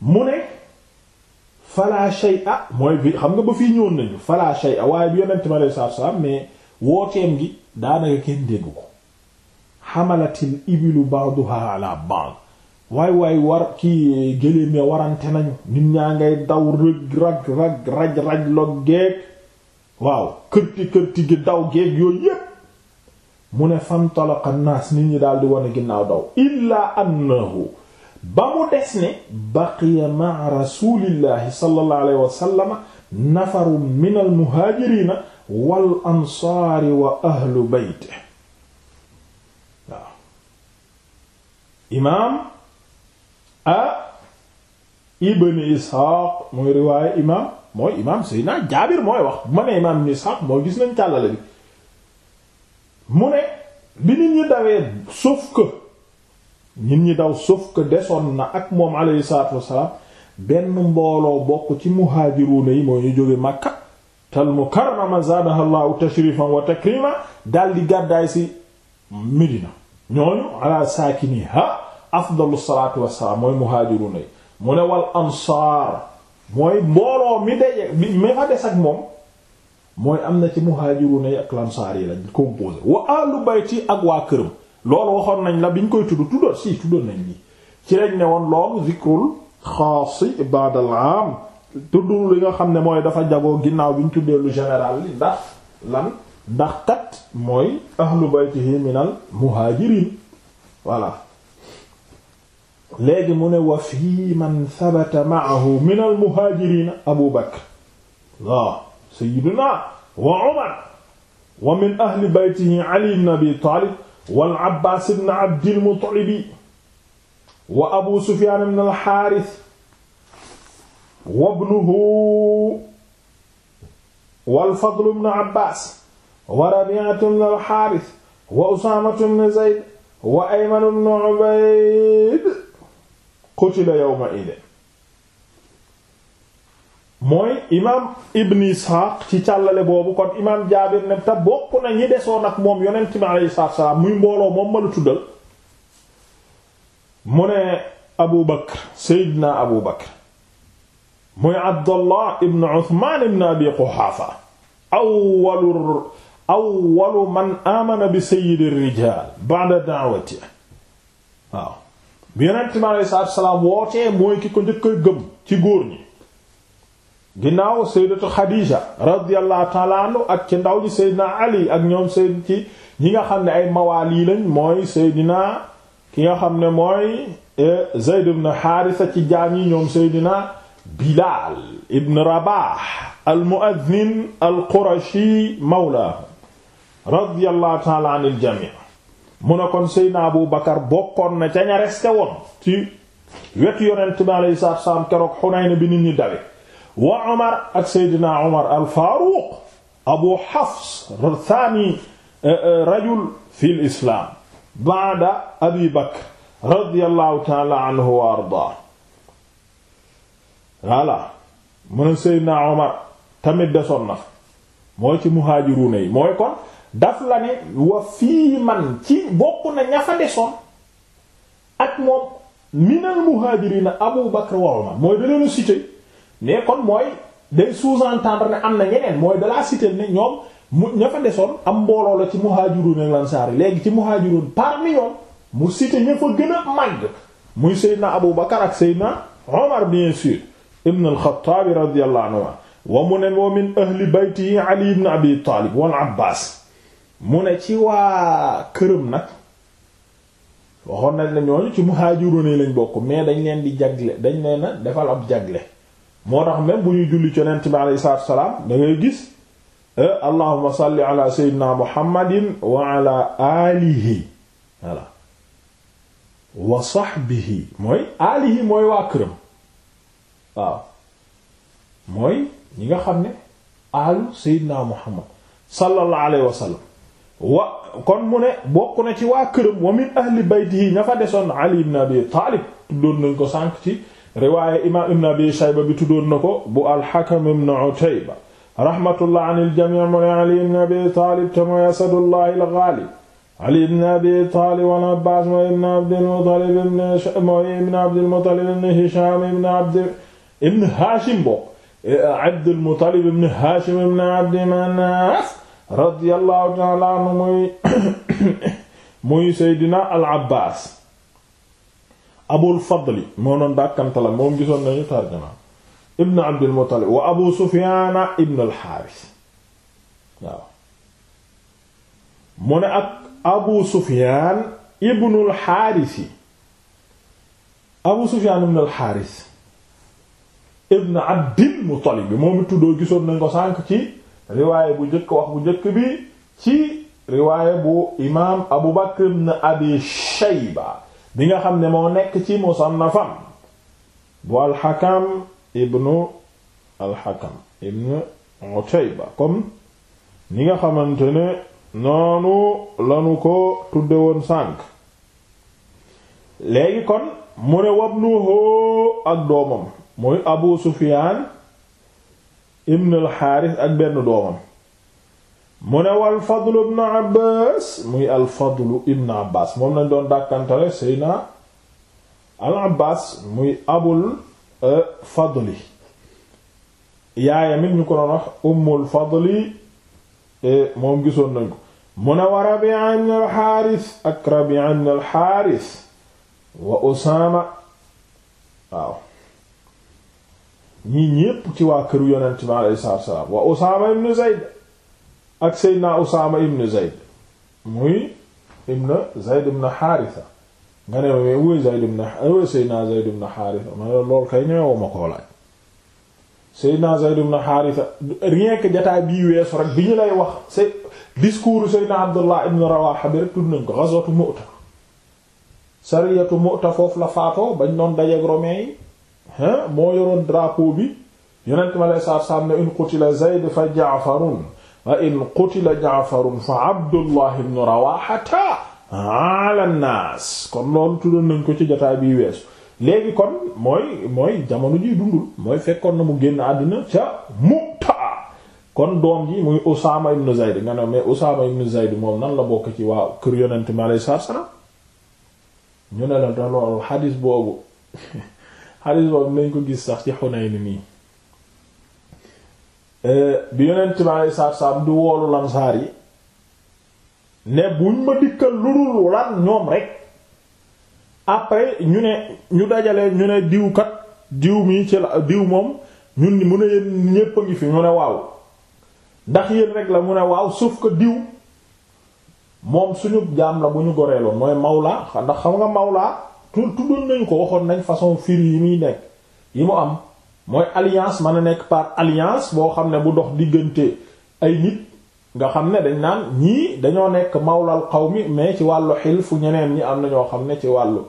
mu ne fala shay'a mooy bi xam nga ba fii ñëwoon nañu fala shay'a waaye bi yonent mi alayhi salaatu salaam mais wooteem gi daanaka kenn dégg ko xamalatil ibilu ba'duha ala ba'd waay waay war kii géléem ya warante nañu nit ñaa ngay daw rëg raj raj raj log geeg waaw kërti kërti gi daw geeg yooyu yépp mu ne fantalaqa naas nit ñi daal di wane ginnaaw daw illaa annahu ba mu des ne baqiya ma rasulillahi sallallahu alayhi wa min al muhaajirina wal wa ahlu beyte imaam a ibn isxaaq mooy riwaaya imaam mooy imaam seydina jaabir mooy wax bu imaam ibn isxaaq mooy gis nañ càllale bi mu ne bi nit ñi dawee sauf que ñi daw sauf desoon na ak moom alayhi salaatu wassalaam benn mbooloo bokk ci muhaajiruuna yi moo ñu jóge Makka tal mukarrama zaadaha Allahu tashrifan wa takrima daldi gàddaay ci Medina ñooñu ala saakiniha afdalu salaatu wassalaam mooy muhaajiruuna yi mu ne wal ansaar mooy mbooloo mi daje mi fa des ak moom mooy am na ci muhaajiruuna yi ak lansaar yi lañ composé wa ahlu bayti ak waa këram loolu waxoon nañ la biñ koy tudd tuddoon si tuddoon nañ ni ci lañ ne woon loolu zikrul xaasi ba'dal aam tudd li nga xam ne mooy dafa jagoo ginnaaw bi ñu tuddee lu général li ndax lan ndax kat mooy ahlu baytihi minal muhaajiriin voilà léegi mu ne wa fii man sabata ma'ahu minal muhaajiriin Abu Bakr waaw sayyidina wa Umar wa min ahli baytihi Ali ibn Abi Talib wal Abbaas ibn Abdil Muttalib wa Abu Sufyaan ibn al Haaris wa ibnuhu wal Fadl ibn Abbaas wa Rabi'a ibn al Haaris wa Usaama ibn Zayd wa Ayman ibn Ubayd qutila yawma'idin mooy imaam Ibn Ishaq ci càllale boobu kon imaam Jaabir ne te bokk na ñi desoon ak moom yonent bi alayhi salaatu muy mbooloo moom ma la tuddal mu ne Abu Bakr Seydina Abu Bakr muy Abdallah Ibn Uthman Ibn Abi Quhaafa awwalu awwalu man aamana bi sayyidi rijaal ba'da da'wati waaw yonent bi alayhi salaatu wootee mooy ki ko njëkk a gëm ci góor ñi. ginnaaw sayyidatu Khadija radiyallahu ta'ala anhu ak ci ndaw ji sayyidina Ali ak ñoom sayyid ci ñi nga xam ne ay mawaali lañ mooy sayyidina ki nga xam ne mooy eh, Zayd ibn Haarisa ci jaam yi ñoom sayyidina Bilaal ibn Rabah al-mu'adhdhin al-Qurashi mawlaahu radiyallahu ta'ala anil jami' mu ne kon sayyidina Abu Bakar bokkoon na ca ña resté woon ci wetu yonent bi alayhi bi nit ñi dawe wa Omar ak Seydina Omar al-Faaruq Abu Hafs eh, eh, rajul fil islaam ba'da Abi Bakr radiyallahu ta'ala anhu wa ardaa voilà mu ne tamit desoon na mooy ci muhaajiruuna yi mooy kon daf wa fii man ci bokk na ña fa desoon ak moom minal Abu Bakr wa Omar mooy da leen a mais kon mooy day sous-entendre ne am na ñeneen mooy dalaa cité ne ñoom mu ña fa desoon am mbooloo la ci muhaajiruun ak lansaar yi léegi ci muhaajiruun parmi ñoom mu cité ña fa gën a màgg muy Seydina Abu Bakar ak Seydina Omar bien sûr ibn al-Khattab radiyallahu anhu wa mu ne wa min ahli baytihi Ali ibn Abi Talib wal mu ne ci waa këram nag waxoon na la ñooñu ci muhaajiruun lañ bokk mais dañ leen di jagle dañ leen a defal ab jagle moo tax même bu ñuy julli ci yonent bi alayhi salaatu wa salaam da ngay gis eh, allahumma salli ala sayyidina muhammadin wa mooy waa këram waaw mooy ñi nga xam ne alu sayyidina muhammad sallallahu alayhi wa sallam wa kon mu ne bokk na ci waa këram wa min ahli baytihi ña fa desoon ali ibn abi taalib tuddoon nañ ko sànq ci riwaaya imaam ibn abi shayba bi tuddoon na ko bu alxakam ibn utayba rahmatullah an iljamii mu ne ali ibn abi taalib te mooy asadullah algaalib ali ibn abi taalib wal abbaas mooy ibn abdilmutalib mooy ibn abdilmutalib ibn hisham ibn abd ibn haashim bokk abdilmutalib ibn haashim ibn abdi manaaf radiyallahu taala anhu muy muy seydina al abbaas abul fadli moo noon dàkkante la moom gisoon nañu tarjama ibn abdul muttalib wa abu sufiyaana ibn al xaaris waaw mu ne ak abu sufiyaan ibnul xaarisi abu sufiyaan ibnul xaaris ibn abdil muttalib gisoon nañ ko sànk ci riwaaye bu njëkk wax bu njëkk bi ci riwaaye bu imaam abu bakr ibn abi shayba bi nga xam ne moo nekk ci musannafam bu alxakam ibnu alxakam ibnu utayba comme ni nga xamante ne noonu lanu ko tudde woon sànk léegi kon mu ne wabnuhu ak doomam muy abu sufiyaan ibnu alxaaris ak benn doomam mu ne wal Fadl ibn Abbas muy al Fadl ibn Abbas moom lañ doon dàkkantale Seyna al Abbas muy abul e, Fadli yaayam it ñu ko doon wax Ummul e, gisoon nañ ko mu ne wa al Harith ak Rabi'a ibn al Harith wa Usaama waaw ñii ñépp ci waa këru Yonent bi alayhi salaatu salaam wa Usaama ibn Zayd ak seydna Usaama ibn Zayd muy ibn Zayd ibn Haarisa nga ne ma wuy wuy seydna Zayd ibn Haarisa ma lool kay ñëwuma koo laaj seydna rien que jataay bii weesu rek bi ñu lay wax se discours seydna Abdullah ibn Rawaaha bi rek tudd nañ ko ghazwatu Mu'ta sariyatu Mu'ta foofu la faatoo bañ doon dajeek romain yi moo yoroon drapeau bi yonent ma lay saar saam ne in qutila Zayd fa Ja'farun wa in qutila jaafarun fa abdullah ibn rawaxata ala nnaas kon loolu tuddoon nañ ko ci jotaay bii weesu léegi kon mooy mooy jamono ji dundul mooy fekkoon na mu génn àddina ca Mu'ta kon doom ji muy Usaama ibn Zayd nga ne mais Usaama ibn Zayd moom nan la bokk ci waa kër yonent mi alayhi salaatu salaam ñu ne la da loolu xadis boobu xadis boobu nañ ko gis sax ci Hunayn nii bi yonent bi alei saatu salaam di woolu lansaar yi ne buñ ma dikkal ludul lan ñoom rek après ñu ne ñu dajale ñu ne diw kat diw mi ci la diw moom ñun mu ne yéen ñépp a ngi fi mu ne waaw ndax yéen rek la mu ne waaw suuf ko diw moom suñu jaam la bu ñu goreeloon mooy mawla ndax xam nga mawla tu tuddoon nañu ko waxoon nañ façon firi yi muy nekk yi mu am mooy alliance mën a nekk par alliance boo xam ne bu dox diggante ay nit nga xam ne dañ naan ñii dañoo nekk mawlal mi mais ci wàllu xilfu ñeneen ñi am na ñoo xam ne ci wàllu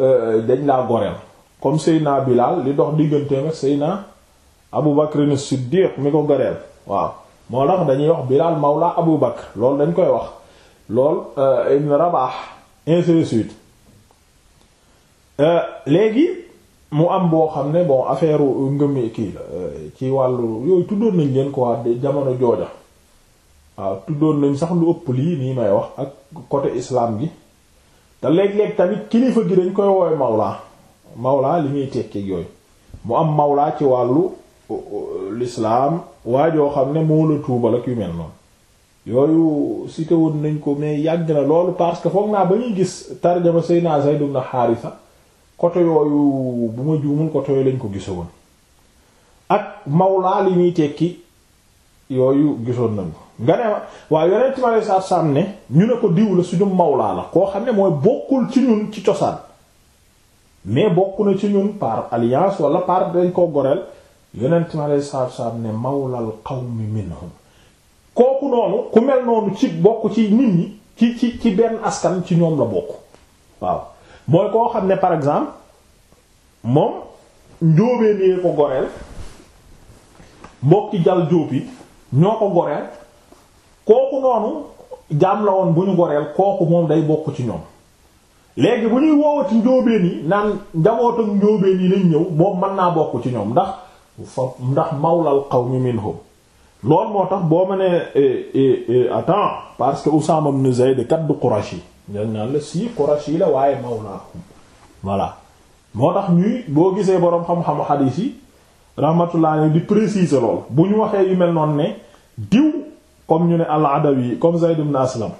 euh, dañ laa goreel comme Seyna Bilal li dox diggante ak Seyna Abu Bakr as-Siddiq mi ko goreel waaw moo tax dañuy wax Bilal mawla Abu Bakr lool dañ koy wax lool euh, Ibn Rabah euh, léegi mu am boo xam ne bon affaire ngëm kii la euh, ci wàllu yooyu tuddoon nañ leen quoi jamono jooja waaw tuddoon nañ sax lu ëpp lii nii may wax ak côté islaam gi te léeg-léeg tamit kilifa gi dañ koy woowe mawla mawla li muy tekki yooyu mu am mawla ci wàllu l'islam waa joo xam ne moo la tuubal ak yu mel noonu yooyu cité woon nañ ko mais yàgg na loolu parce que foog naa ba ñuy gis tarjama Seydina na ibn Haarisa côté yooyu bu ma juumul côté yooyu lañ ko gisoon ak mawlaa li ñuy tekki yooyu gisoon nañ ko nga ne ma yonent ma lay saam ne ñu ne ko diw la suñu mawlaa la koo xam ne mooy bokkul ci ñun ci cosaan mais bokk na ci ñun par alliance wala par dañ koo goreel yonent ma lay saam ne mawlal qawmi minhum kooku noonu ku mel noonu ci bokk ci nit ñi ci ci ci benn askan ci ñoom la bokk waaw mooy koo xam ne par exemple moom njóobeen yee ko goreel mbokki jal jóob yi ñoo ko goreel kooku noonu jaam la woon bu ñu goreel kooku moom day bokk ci ñoom léegi bu ñuy woowati njóobeen yi naan njaboot ak njóobeen yi ñëw moom mën naa bokk ci ñoom ndax fa ndax mawlal qawmi minhum loolu moo tax boo ma nee eh, eh, eh, attends parce que Usaama ibn Zayd kat du yi dañ naan la si Qurashi la waaye mawlaahum voilà moo tax ñuy boo gisee boroom xam-xamu xadiis yi rahmatullah di préciser lool bu ñu waxee yu mel noonu ne diw comme ñu ne al-Adawi comme Zayd ibn Aslam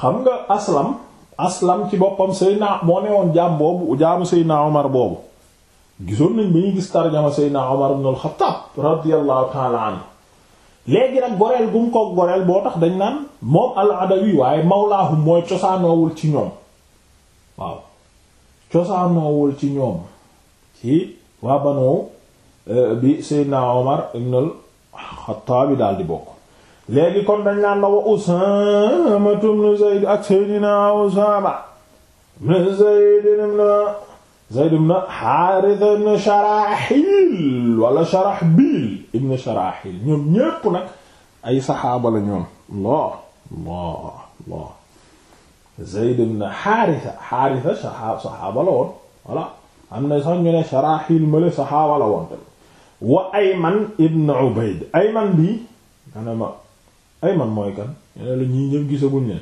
xam nga Aslam Aslam ci boppam Seydina moo woon jaam boobu jaamu Seydina Omar boobu gisoon nañ bi ñuy gis tarjama Seydina Omar ibn al-Khattab radiyallahu ta'ala anhu léegi nag goreel gum ko goreel boo tax dañ naan moom al-Adawi waaye mawlaahum mooy cosaanoowul ci ñoom waaw cosaanoowul ci ñoom ci waa Banu euh, bi Seydina Omar ibn al bi daal di bokk léegi kon dañ naan la wa Usaama ibn Zayd ak Seydina Usaama ibn Zayd Zayd ibn Haaritha ibn Sharaxil wala Sharaxbil ibn Sharaxil ñoom ñépp nag ay saxaaba la ñoom Allah Allah Allah Zayd ibn Haaritha Haaritha saxaaba la woon voilà am na sax ñu ne Sharaxil male saxaaba la woon tamit wa Ayman ibn Ubayd Ayman bi ana ma Ayman mooy kan ñene la ñii ñëpp gisaguñ ne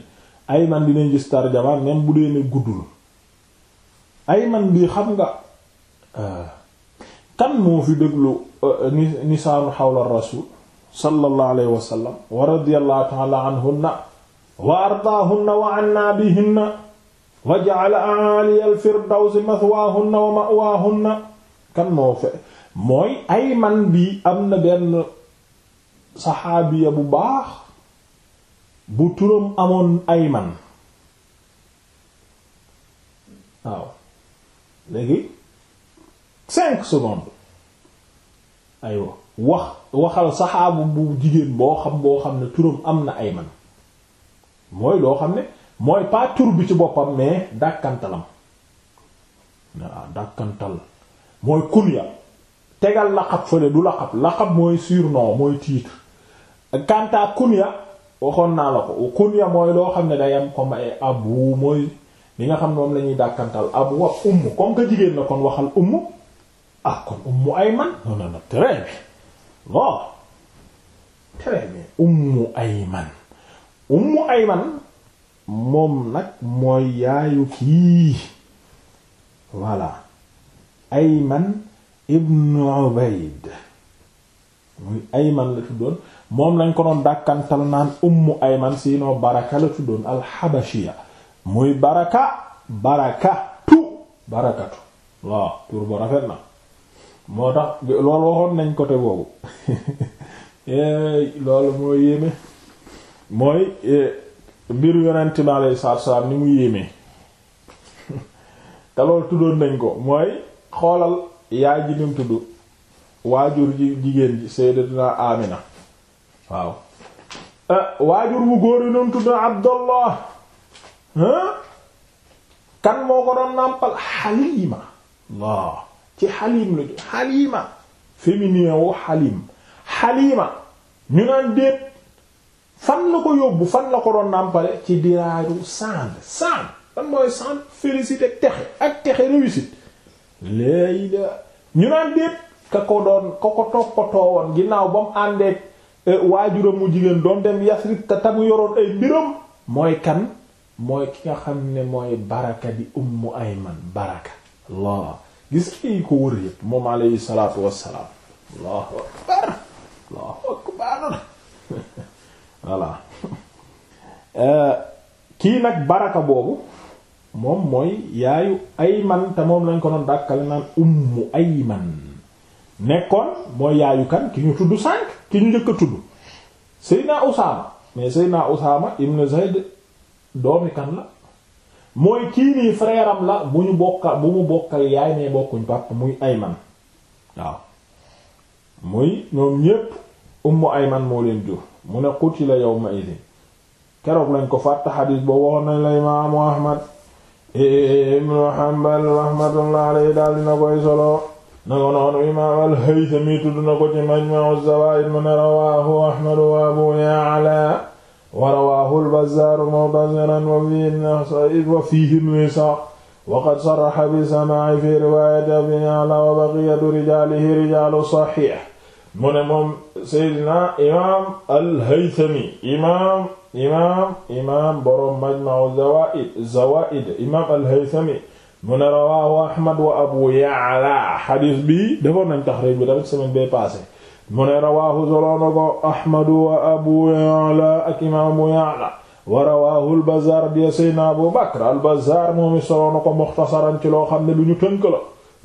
Ayman dinañ gis tarjama même bu dee ne guddul ay man bii xam nga euh, kan moo fi déglu euh, nisaanu xawla rasul sallallahu alayhi wa sallam wa radiyallahu ta'ala anhunna wa ardaahunna wa anna bihinna wa ja'ala a'ali al-firdaws mathwaahunna wa ma'waahunna kan moo fe mooy ay man bii am na benn saxaabiya bu baax bu turam amoon ay man waaw léegi cinq secondes aywa wax waxal saxaabu bu jigéen boo xam boo xam ne turam am na ay man mooy loo xam ne mooy pas bi ci boppam mais dàkkantalam waaw dàkkantal mooy kunya tegal laqab fële du laqab laqab mooy surnom mooy titre kanta kunya waxoon naa la ko kunya mooy loo xam ne day am comme ay abu mooy li nga xam ne moom lañuy dàkkantal ab wa umm comme que jigéen na kon waxal umm ah kon umm ayman moom nag mooy yaayu kii voilà ayman ibnu ubayd muy ayman la tuddoon moom lañ ko doon dàkkantal naan umm ayman sinon baraka la tuddoon alxabashiya muy baraka barakatu barakatu waaw tur bo rafet na moo tax loolu waxoon nañ côté boobu eh, loolu moo yéeme mooy eh, mbiru yonent bi alayhi salaatu salaam ni mu yéeme te lool tuddoon nañ ko mooy xoolal yaay ji nim tudd waajur ji jigéen ji sayyidatuna Amina waaw eh, waajur bu góor yi nim tudd Abdallah kan moo ko doon nàmpal xalima waaw ci xalim lu xalima féminin wu xalim xalima ñu naan déet fan la ko yóbbu fan la ko doon nàmpale ci diraaru sand sand fan mooy sand félicité ak texe ak texe réussite léegi ñu naan déet ka ko doon ka ko toppatoo woon ginnaaw ba mu àndeek eh, waajuram mu jigéen doom dem Yasrib te tamu yoroon ay mbiram mooy kan mooy ki nga xam ne mooy baraka di ummu ayman baraka allah gis ki ko wër yëpp moom alayhi salaatu wassalaam allahu euh, kii nag baraka boobu moom mooy yaayu ayman te moom lañ ko doon dàkkale naan ummu ayman nekkoon mooy yaayu kan ki ñu tudd sànq ki ñu njëkk a tudd Seydina Usaama mais Seydina Usaama ibn Zayd doomi kan la mooy kii nii frère am la bu ñu bokkal bu mu bokkal yaay ne bokkuñ papa muy Ayman waaw muy ñoom ñépp ummu Ayman moo leen jur mu ne qutila yawma idin keroog lañ ko fàtta xadiis boo waxoon nañ la imaamu Ahmad ibnu Hanbal rahmatullah alayhi daal dina koy solo na ko noonu imaam al-Haythami tudd na ko ci Majma'u Zawaa'id mu ne rawaahu Ahmad wa Abu Ya'la wa rawaahu al-Bazzaar mu'taziran wa fiihi ibnu Isxaaq wa qad sarraha bi-samaa'i fii riwaayati Abii Ya'laa wa baqiyatu rijaalihi rijaalu saxiix mu ne moom Seydina imaam al-Haythami imaam imaam imaam boroom Majma'u Zawaa'id Zawaa'id imaam al-Haythami mu ne rawaahu Ahmad wa Abuu Ya'laa xadiis bi defoon nañ taxriij bi tamit semaine bee passé mu ne rawaahu soloona ko ahmadu wa abu ya'la ak imaamu ya'la wa rawaahu al-Bazzaar bi sayna abu bakr al-Bazzaar moomi soloona ko muxtasaran ci loo xam ne lu ñu tënk la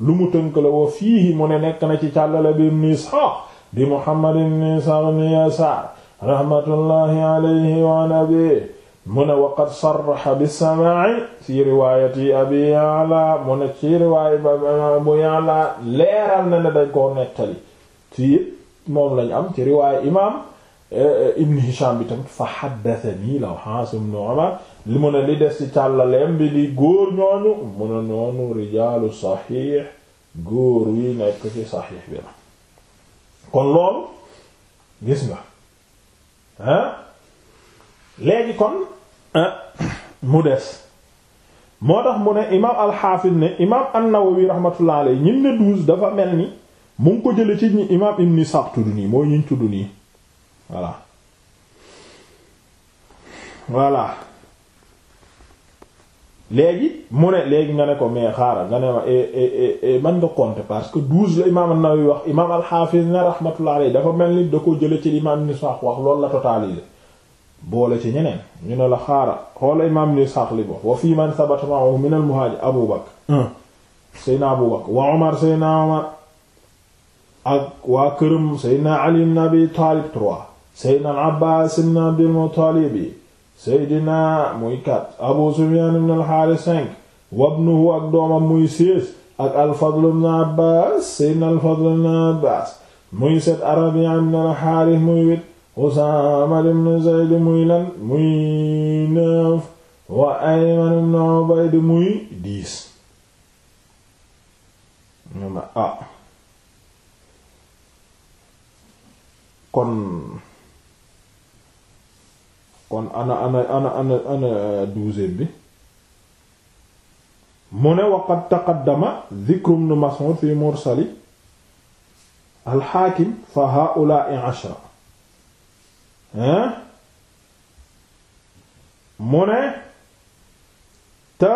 lu mu tënk la wa fiihi mu ne nekk na ci càllale bi ibn Isxaaq di Muhammad ibn Isxaaq ibn Yasaar rahmatullahi alayhi wa an abi mu ne waqad sarraxa bisamaa'i fi riwaayati abi Ya'la mu ne ci riwaaya bu Ya'la leeral na ne dañ koo nettali moom lañ am ci riwaayu imaam eh, Ibn Hisham bi tamit fa haddathani la Haasim ibn Umar li mu ne li des ci càllaleem bi li góor ñooñu mu ne noonu rijaalu saxiix góor yi nekk ci saxiix bi la kon loolu gis nga ah léegi kon mu des moo tax mu ne imaam al-Hafiz ne imaam an-Nawawi rahmatullah alayhi ne douze dafa mel ni mu ngi ko jële ci ñi imaam ibn Isaaq tudd nii mooy ñu tudd nii voilà voilà léegi mu ne léegi nga ne ko mais xaaral nga ne ma eh, eh, eh, man nga compter parce que douze la imaam an-Nawawi wax imaam al-Hafiz na rahmatullah alayhi dafa mel ni da ko jële ci imaam ibn Isaaq wax loolu la totalisé boole ci ñeneen ñu ne la xaaral xoola imaam ibn Isaaq li bo fii man sabata ma'ahu min al-muhajir Abu Bakr saydna Abu Bakr wa Umar saydna ak waa ali ibn abi taalib trois seydna abbaas ibn abdil muttalib yi muy quatre abu sufyaan ibn al haaris cinq muy six ak al abbaas seydna al fadl abbaas muy sept arabiya ibn al muy huit usaama ibn zayd muy lan muy neuf wa ayman ibn ubayd muy dix ah. kon kon ana ana ana ana bi mu ne waqad taqaddama dhikru ibn Mas'ud fi mursali al-Hakim fa haa'ulaa'i ashra hein mu ne te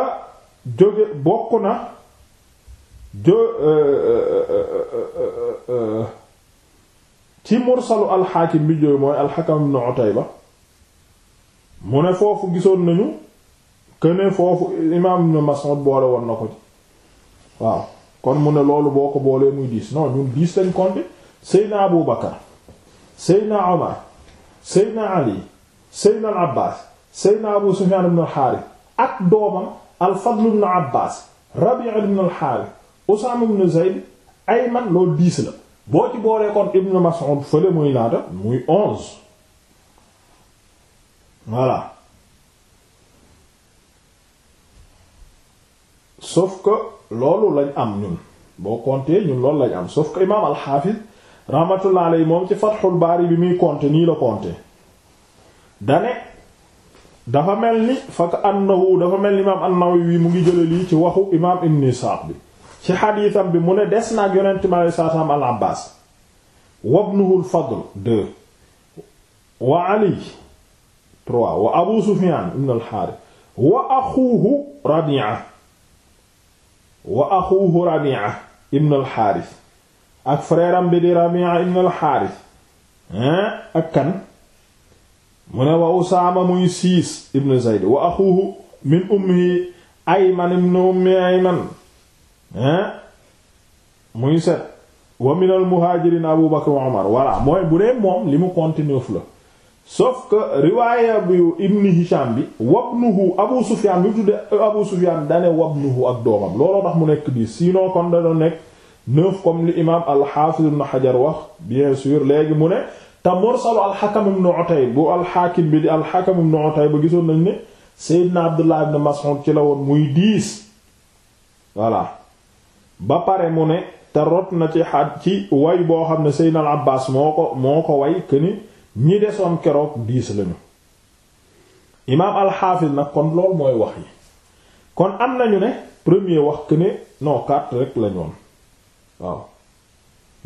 jo euh, euh, euh, ci mursalu alxaakim bi jooy mooy alxakam ibn Utayba mu ne foofu gisoon nañu këne foofu imaam ibn Mas'ud boole woon na ko ci waaw kon mu ne loolu boo ko boolee muy diis non ñun diis lañ compter Seydina Abu Bakar Seydina Omar Seydina Ali Seydina Abu Sufyan ibn al-Harith ak doomam al-Fadl ibn Abbas Rabi' ibn al-Harith Usama ibn Zayd Ayman loolu diis la boo ci boolee kon Ibn Mas'ud fële muy naata muy onze voilà sauf que loolu lañ am ñun boo compter ñun loolu lañ am sof que imaam al-Hafiz rahmatullah alayhi moom ci Fathul Bari bi muy compter nii la compter dane dafa mel ni fa annahu dafa mel ni imaam an-Nawawi mu ngi jële lii ci waxu imaam Ibn Sa'd bi ci xadiisam bi mu ne des naag yonent mi aleyhi salaam al wa Abu Sufyaan ibn al wa axuuhu Rabi'a wa axuuhu Rabi'a ibn al ak frère bi di Rabi'a ibn al Haaris ak kan mu ne wa Usaama muy six ibn Zayd wa axuuhu min ummihi Ayman ibn ummi Ayman muy set wa minal muhajirin abu bakr wa umar mooy bu dee moom li mu continuer fu la sauf que riwaaya bu ibni hisham bi wabnuhu abu sufyan bi tudde abu sufyan dane wabnuhu ak doomam looloo tax mu nekk di sinon kon da doon nekk neuf comme li imam al-hafiz ibn hajar wax bien sûr léegi mu ne te mursalu al-hakam ibn utayb bu al-hakim bi di al-hakam ibn utayb ba gisoon nañ ne sayyidna abdullah ibn mas'ud ci la woon muy dix voilà ba pare mu ne te rot na ci xaaj ci way boo xam ne seydna al abbas moo ko moo ko way këni ñi desoon keroog diis lañu imaam alxaafis nag kon lool mooy wax yi kon am nañu ne premier wax këni non quatre rek lañoon waaw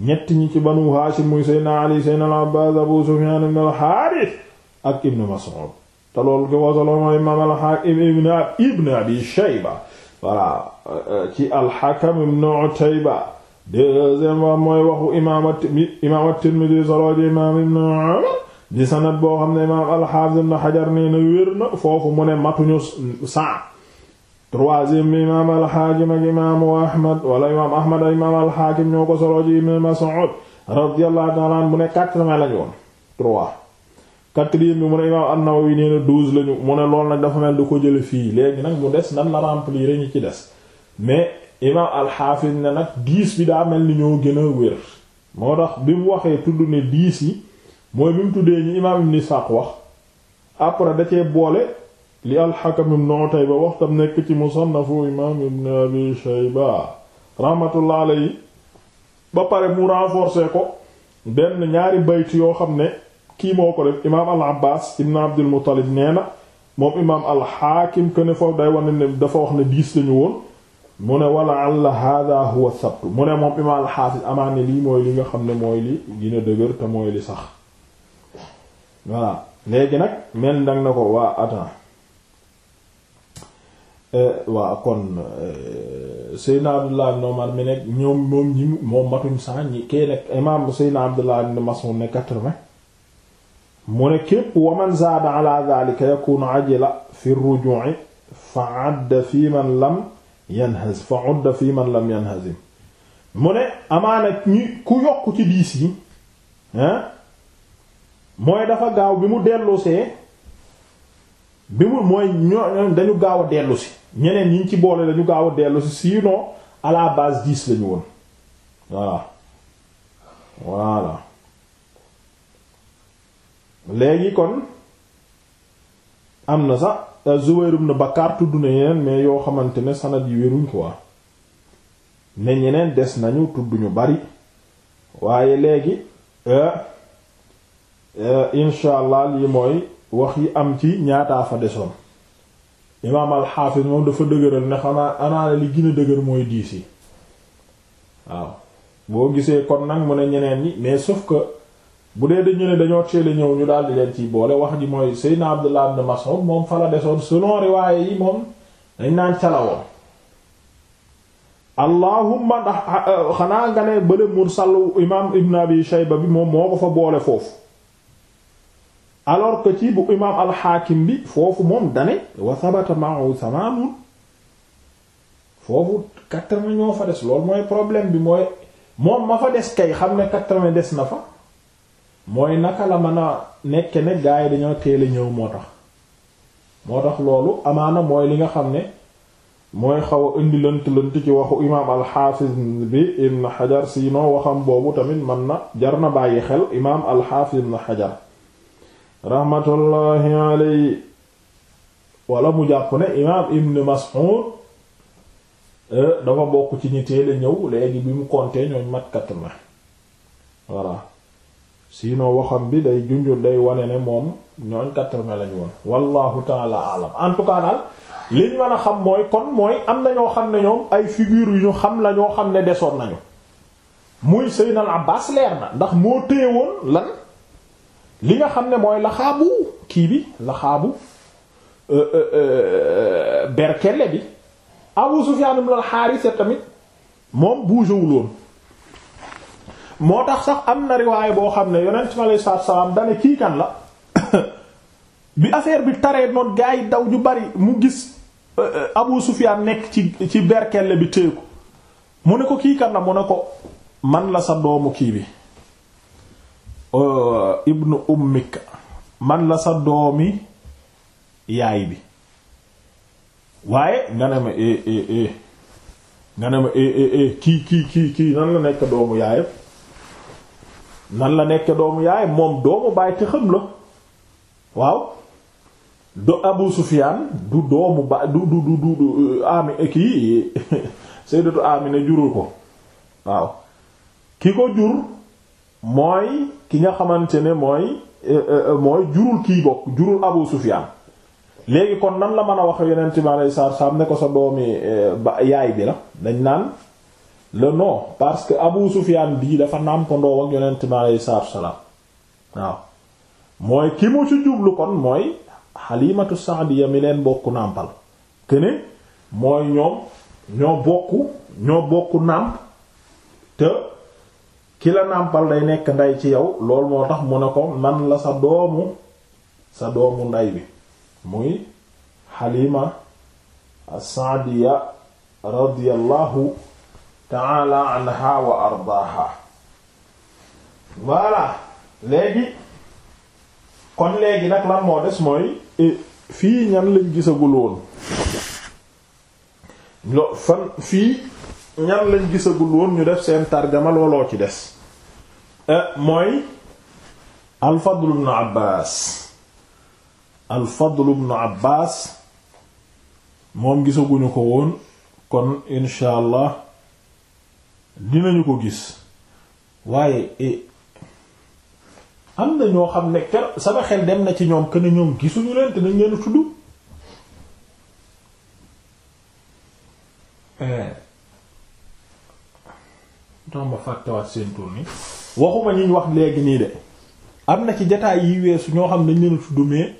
ñett ñi ci banu haashim muy seydna ali seydna al abbas abu sufyaan ibn xaaris ak ibn mas'ud te loolu ki wasolo mooy imaam alxaakim ibn abi shayba voilà euh, euh, ci alxakam ibn Utayba deuxième mooy waxu imaam imaam at solo ji imaam ibn Umar di sanad boo xam ne imaam al-Hafiz ibn Hajar nee na wér foofu mu ne matuñu cent troisième bi imaam al-Hakim ak imaam al-Hakim ñoo ko solo ji imaam Mas'ud radiyallahu ta'ala anhu mu ne quatre-vingts lañu woon trois quatrième bi mu ne imaam an-Nawawi nee na douze lañu mu ne lool nag dafa mel du ko jël fii léegi nag mu des nan la remplir ñu ci des mais imaam al-Hafiz ne nag dix bi daa mel ni ñoo gën a wér moo tax bi mu waxee tudd ne dix yi mooy bi mu tuddee ñi imaam Ibn Ishaq wax après da cee boole li al-Hakam ibn Utayba wax tam nekk ci musannafu imaam Ibn Abi Shayba rahmatullah alayhi ba pare mu renforcer ko benn ñaari bayt yoo xam ne kii moo ko def imaam al abbas ibn abdul muttalib nee na moom imaam al xaakim que ne foofu day wane ne dafa wax ne diis lañu woon mu ne wala alla hada huwa sabtu mu ne moom imaam al xaafis amaane lii mooy li nga xam ne mooy li gën a dëgër te mooy li sax voilà léegi nag mel dang na ko waa attends euh, waa kon euh, Seydina Abdullah ibn Umar mi nekk ñoom moom ñi moom matuñ san ñi kay nekk imaam Seydina Abdullah ibn Mas'ud ne quatre-vingts mu ne képp waman zaada ala dhalika yakunu ajila fi ruju'i fa adda fi man lam yanhaz fa adda fi mu ne amaana ku yokk ci diis yi hein mooy dafa gaaw bi mu dellusee bi mu mooy ñoo dañu gaaw a dellu ñeneen ñi ci boole dañu gaaw a dellu si sinon à diis lañu woon voilà voilà léegi kon am na sax euh, Zubayr ibn Bakar tudd na yeneen mais yoo xamante ne sanad yi wéruñ quoi ne ñeneen des nañu tudd ñu bari waaye léegi euh, euh, incha allah lii mooy wax yi am ci ñaataa fa desoon imaam alxaafis moom dafa dëgëral ne xanaa anaana li gën a dëgër mooy diis yi waaw boo gisee kon nag mu ne ñeneen ñi mais sauf que bu dee dañu ne dañoo teel ñëw ñu daal di leen ciy boole wax ji mooy Seydina Abdullah ibn Mas'ud moom fa la desoon selon riwaaye yi moom dañ naan calawoon allahumma ndax ah, ah, xanaa nga ne bële mursal imaam Ibn Abi Shayba bi moom moo ko boole foofu ci bu bi foofu moom dane wa thabata ma'ahu foofu quatre ñoo fa des loolu mooy problème bi mooy moom ma fa des kay xam ne quatre-vingts des na fa. mooy naka la mën a nekke ne gaa yi dañoo teel a ñëw moo tax moo tax loolu amaana mooy li nga xam ne mooy xaw a indi lënt lënt ci waxu imaam alxaafiz bi ibn xajar sinon waxam boobu tamit mën na jar na bàyyi xel imaam alxaafiz ibn xajar raxmatullaahi alayhi wala mu jàpp ne imaam ibn mas'ud eh, dafa bokk ci ñi teel a léegi bi mu compter ñooñ mat quatre-vingts voilà sinon waxam bi day junjur day wane ne moom ñooñ quatre-vingts lañu woon wallahu taala alam en tout cas daal liñ mën a xam mooy kon mooy am na ñoo xam ne ñoom ay figures yu ñu xam la ñoo xam ne desoon nañu muy Seynal Abbas leer na ndax moo téye woon lan li nga xam ne mooy laxaabu kii bi laxaabu euh, euh, euh, berkele bi Abu Sufyan ibn al-Harith tamit moom bougéwul woon moo tax sax am na riwaay boo xam ne yonent mi aleyhi salaatu salaam dane kii kan la bi affaire bi taree noonu gaa yi daw ju bari mu gis euh, euh, Abu Sufyaan nekk ci ci berkelle bi téeku mu ne ko kii kan la mu ne ko man la sa doomu kii bi euh, ibnu ummik man la sa doomi yaay bi waaye nga ne ma eh, eh, eh. nga ne ma kii kii kii kii nan la nekk doomu yaayam nan la nekk doomu yaay moom doomu baay te xam la waaw do Abu Sufyaan du doomu ba du du du du du euh, ami eh, kii jurul ko waaw ki ko jur mooy ki nga xamante ne mooy eh, eh, mooy jurul kii bokk jurul Abu Sufyaan léegi kon nan la mën a wax yonent bi alayhi salaam ne ko sa doomi ba yaay bi la dañ naan le non parce que Abu Sufyan bii dafa nàmpandoo ak yonent mi aleyhi salaatu wasalaam waaw mooy ki mu ci jublu kon mooy Halimatu Sa'diya mi leen bokk nàmpal kene mooy ñoom ñoo bokk ñoo bokk nàmp te ki la nàmpal day nekk ndey ci yow lool moo tax mu ne ko man la sa doomu sa doomu nday bi muy Halima as-Sa'diya radiyallahu taala anha wa ardaaha voilà léegi kon léegi nag lan moo des mooy e, fii ñan lañ gisagul woon lo fan fii ñan lañ gisagul woon ñu def seen tarjama looloo ci des e, mooy al-Fadl ibn Abbas al-Fadl moom gisaguñu ko woon kon incha dinañu ko gis waaye e, am na ñoo xam ne ker sama xel dem na ci ñoom que ne ñoom gisuñu leen te nañ leen tudd eh. tomba seen tur ni waxuma ñuñ wax léegi nii de am na ci jataay yi weesu ñoo xam ne dañ leen tudd mais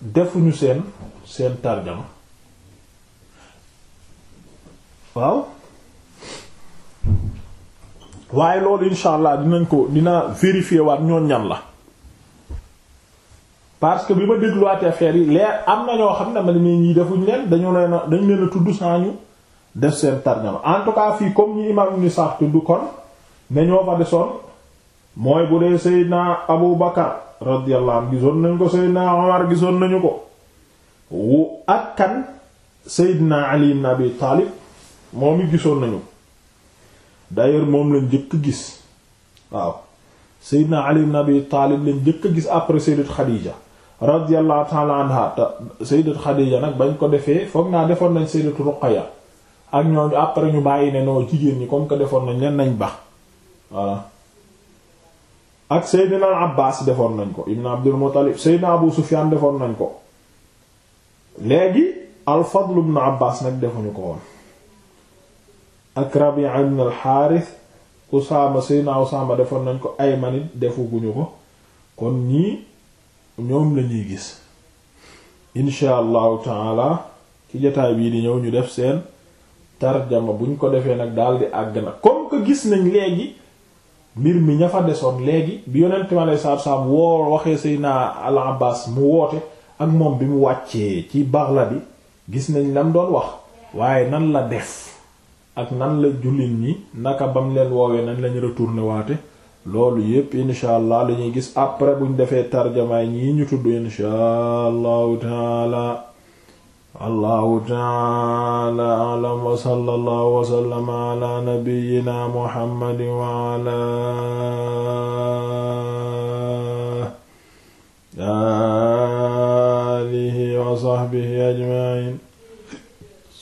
defuñu seen seen tarjama waaw waaye loolu insha allah dinañ ko dina vérifier waat ñoon ñan la parce que bi ma dégluwaatee affaire yi leer am na ñoo xam ne ma ne ñii defuñ leen dañu leen a dañu leen a tudd saa def seen tarjama en cas fii comme ñi imam ni sax tudd kon ne ñoo fa desoon mooy bu dee Seydina Abu Bakar radiyallahu gisoon nañ ko Seydina Omar gisoon nañu ko wu ak kan Seydina Ali ibn Abi moom it gisoon nañu d'ailleurs moom lañ jëkk gis waaw Seydina Ali ibn Abi Taalib lañ jëkk gis après Sayyidatu Xadiija radiyallahu ta'ala anha te Sayyidatu Xadiija nag bañ ko defee foog naa defoon nañ Sayyidatu ya ak ñooñu après ñu bàyyi ne noo jigéen ñi comme que defoon nañ leen nañ bax voilà ak Seydina Abbaas defoon nañ ko Ibn Abdul Muttalib Seydina Abu Sufyaan defoon nañ ko léegi al Fadl ibn Abbaas nag defuñu ko woon ak Rabi'a ibn al-Harith Usaama Seydina Usaama defoon nañ ko ay manit defuguñu ko kon ñii ñoom lañuy gis insha allahu taala ci jotaay bii di ñëw ñu def seen tarjama buñ ko defee nag daldi àgg na comme que gis nañ léegi mbir mi ña fa desoon léegi bi yonent mi alei saatu salaam woo waxee Seydina al mu woote ak moom bi mu wàccee ci Baghlad bi gis nañ lam doon wax waaye nan la def ak nan la jullit ñi naka bam leen woowee nan lañu retourné waate loolu yépp incha allah lañuy gis après buñ defee tarjamaay ñii ñu tudd incha allahu taala allahu taala alam wa sallallahu wa wa ala alihi wa sahbihi ajma'in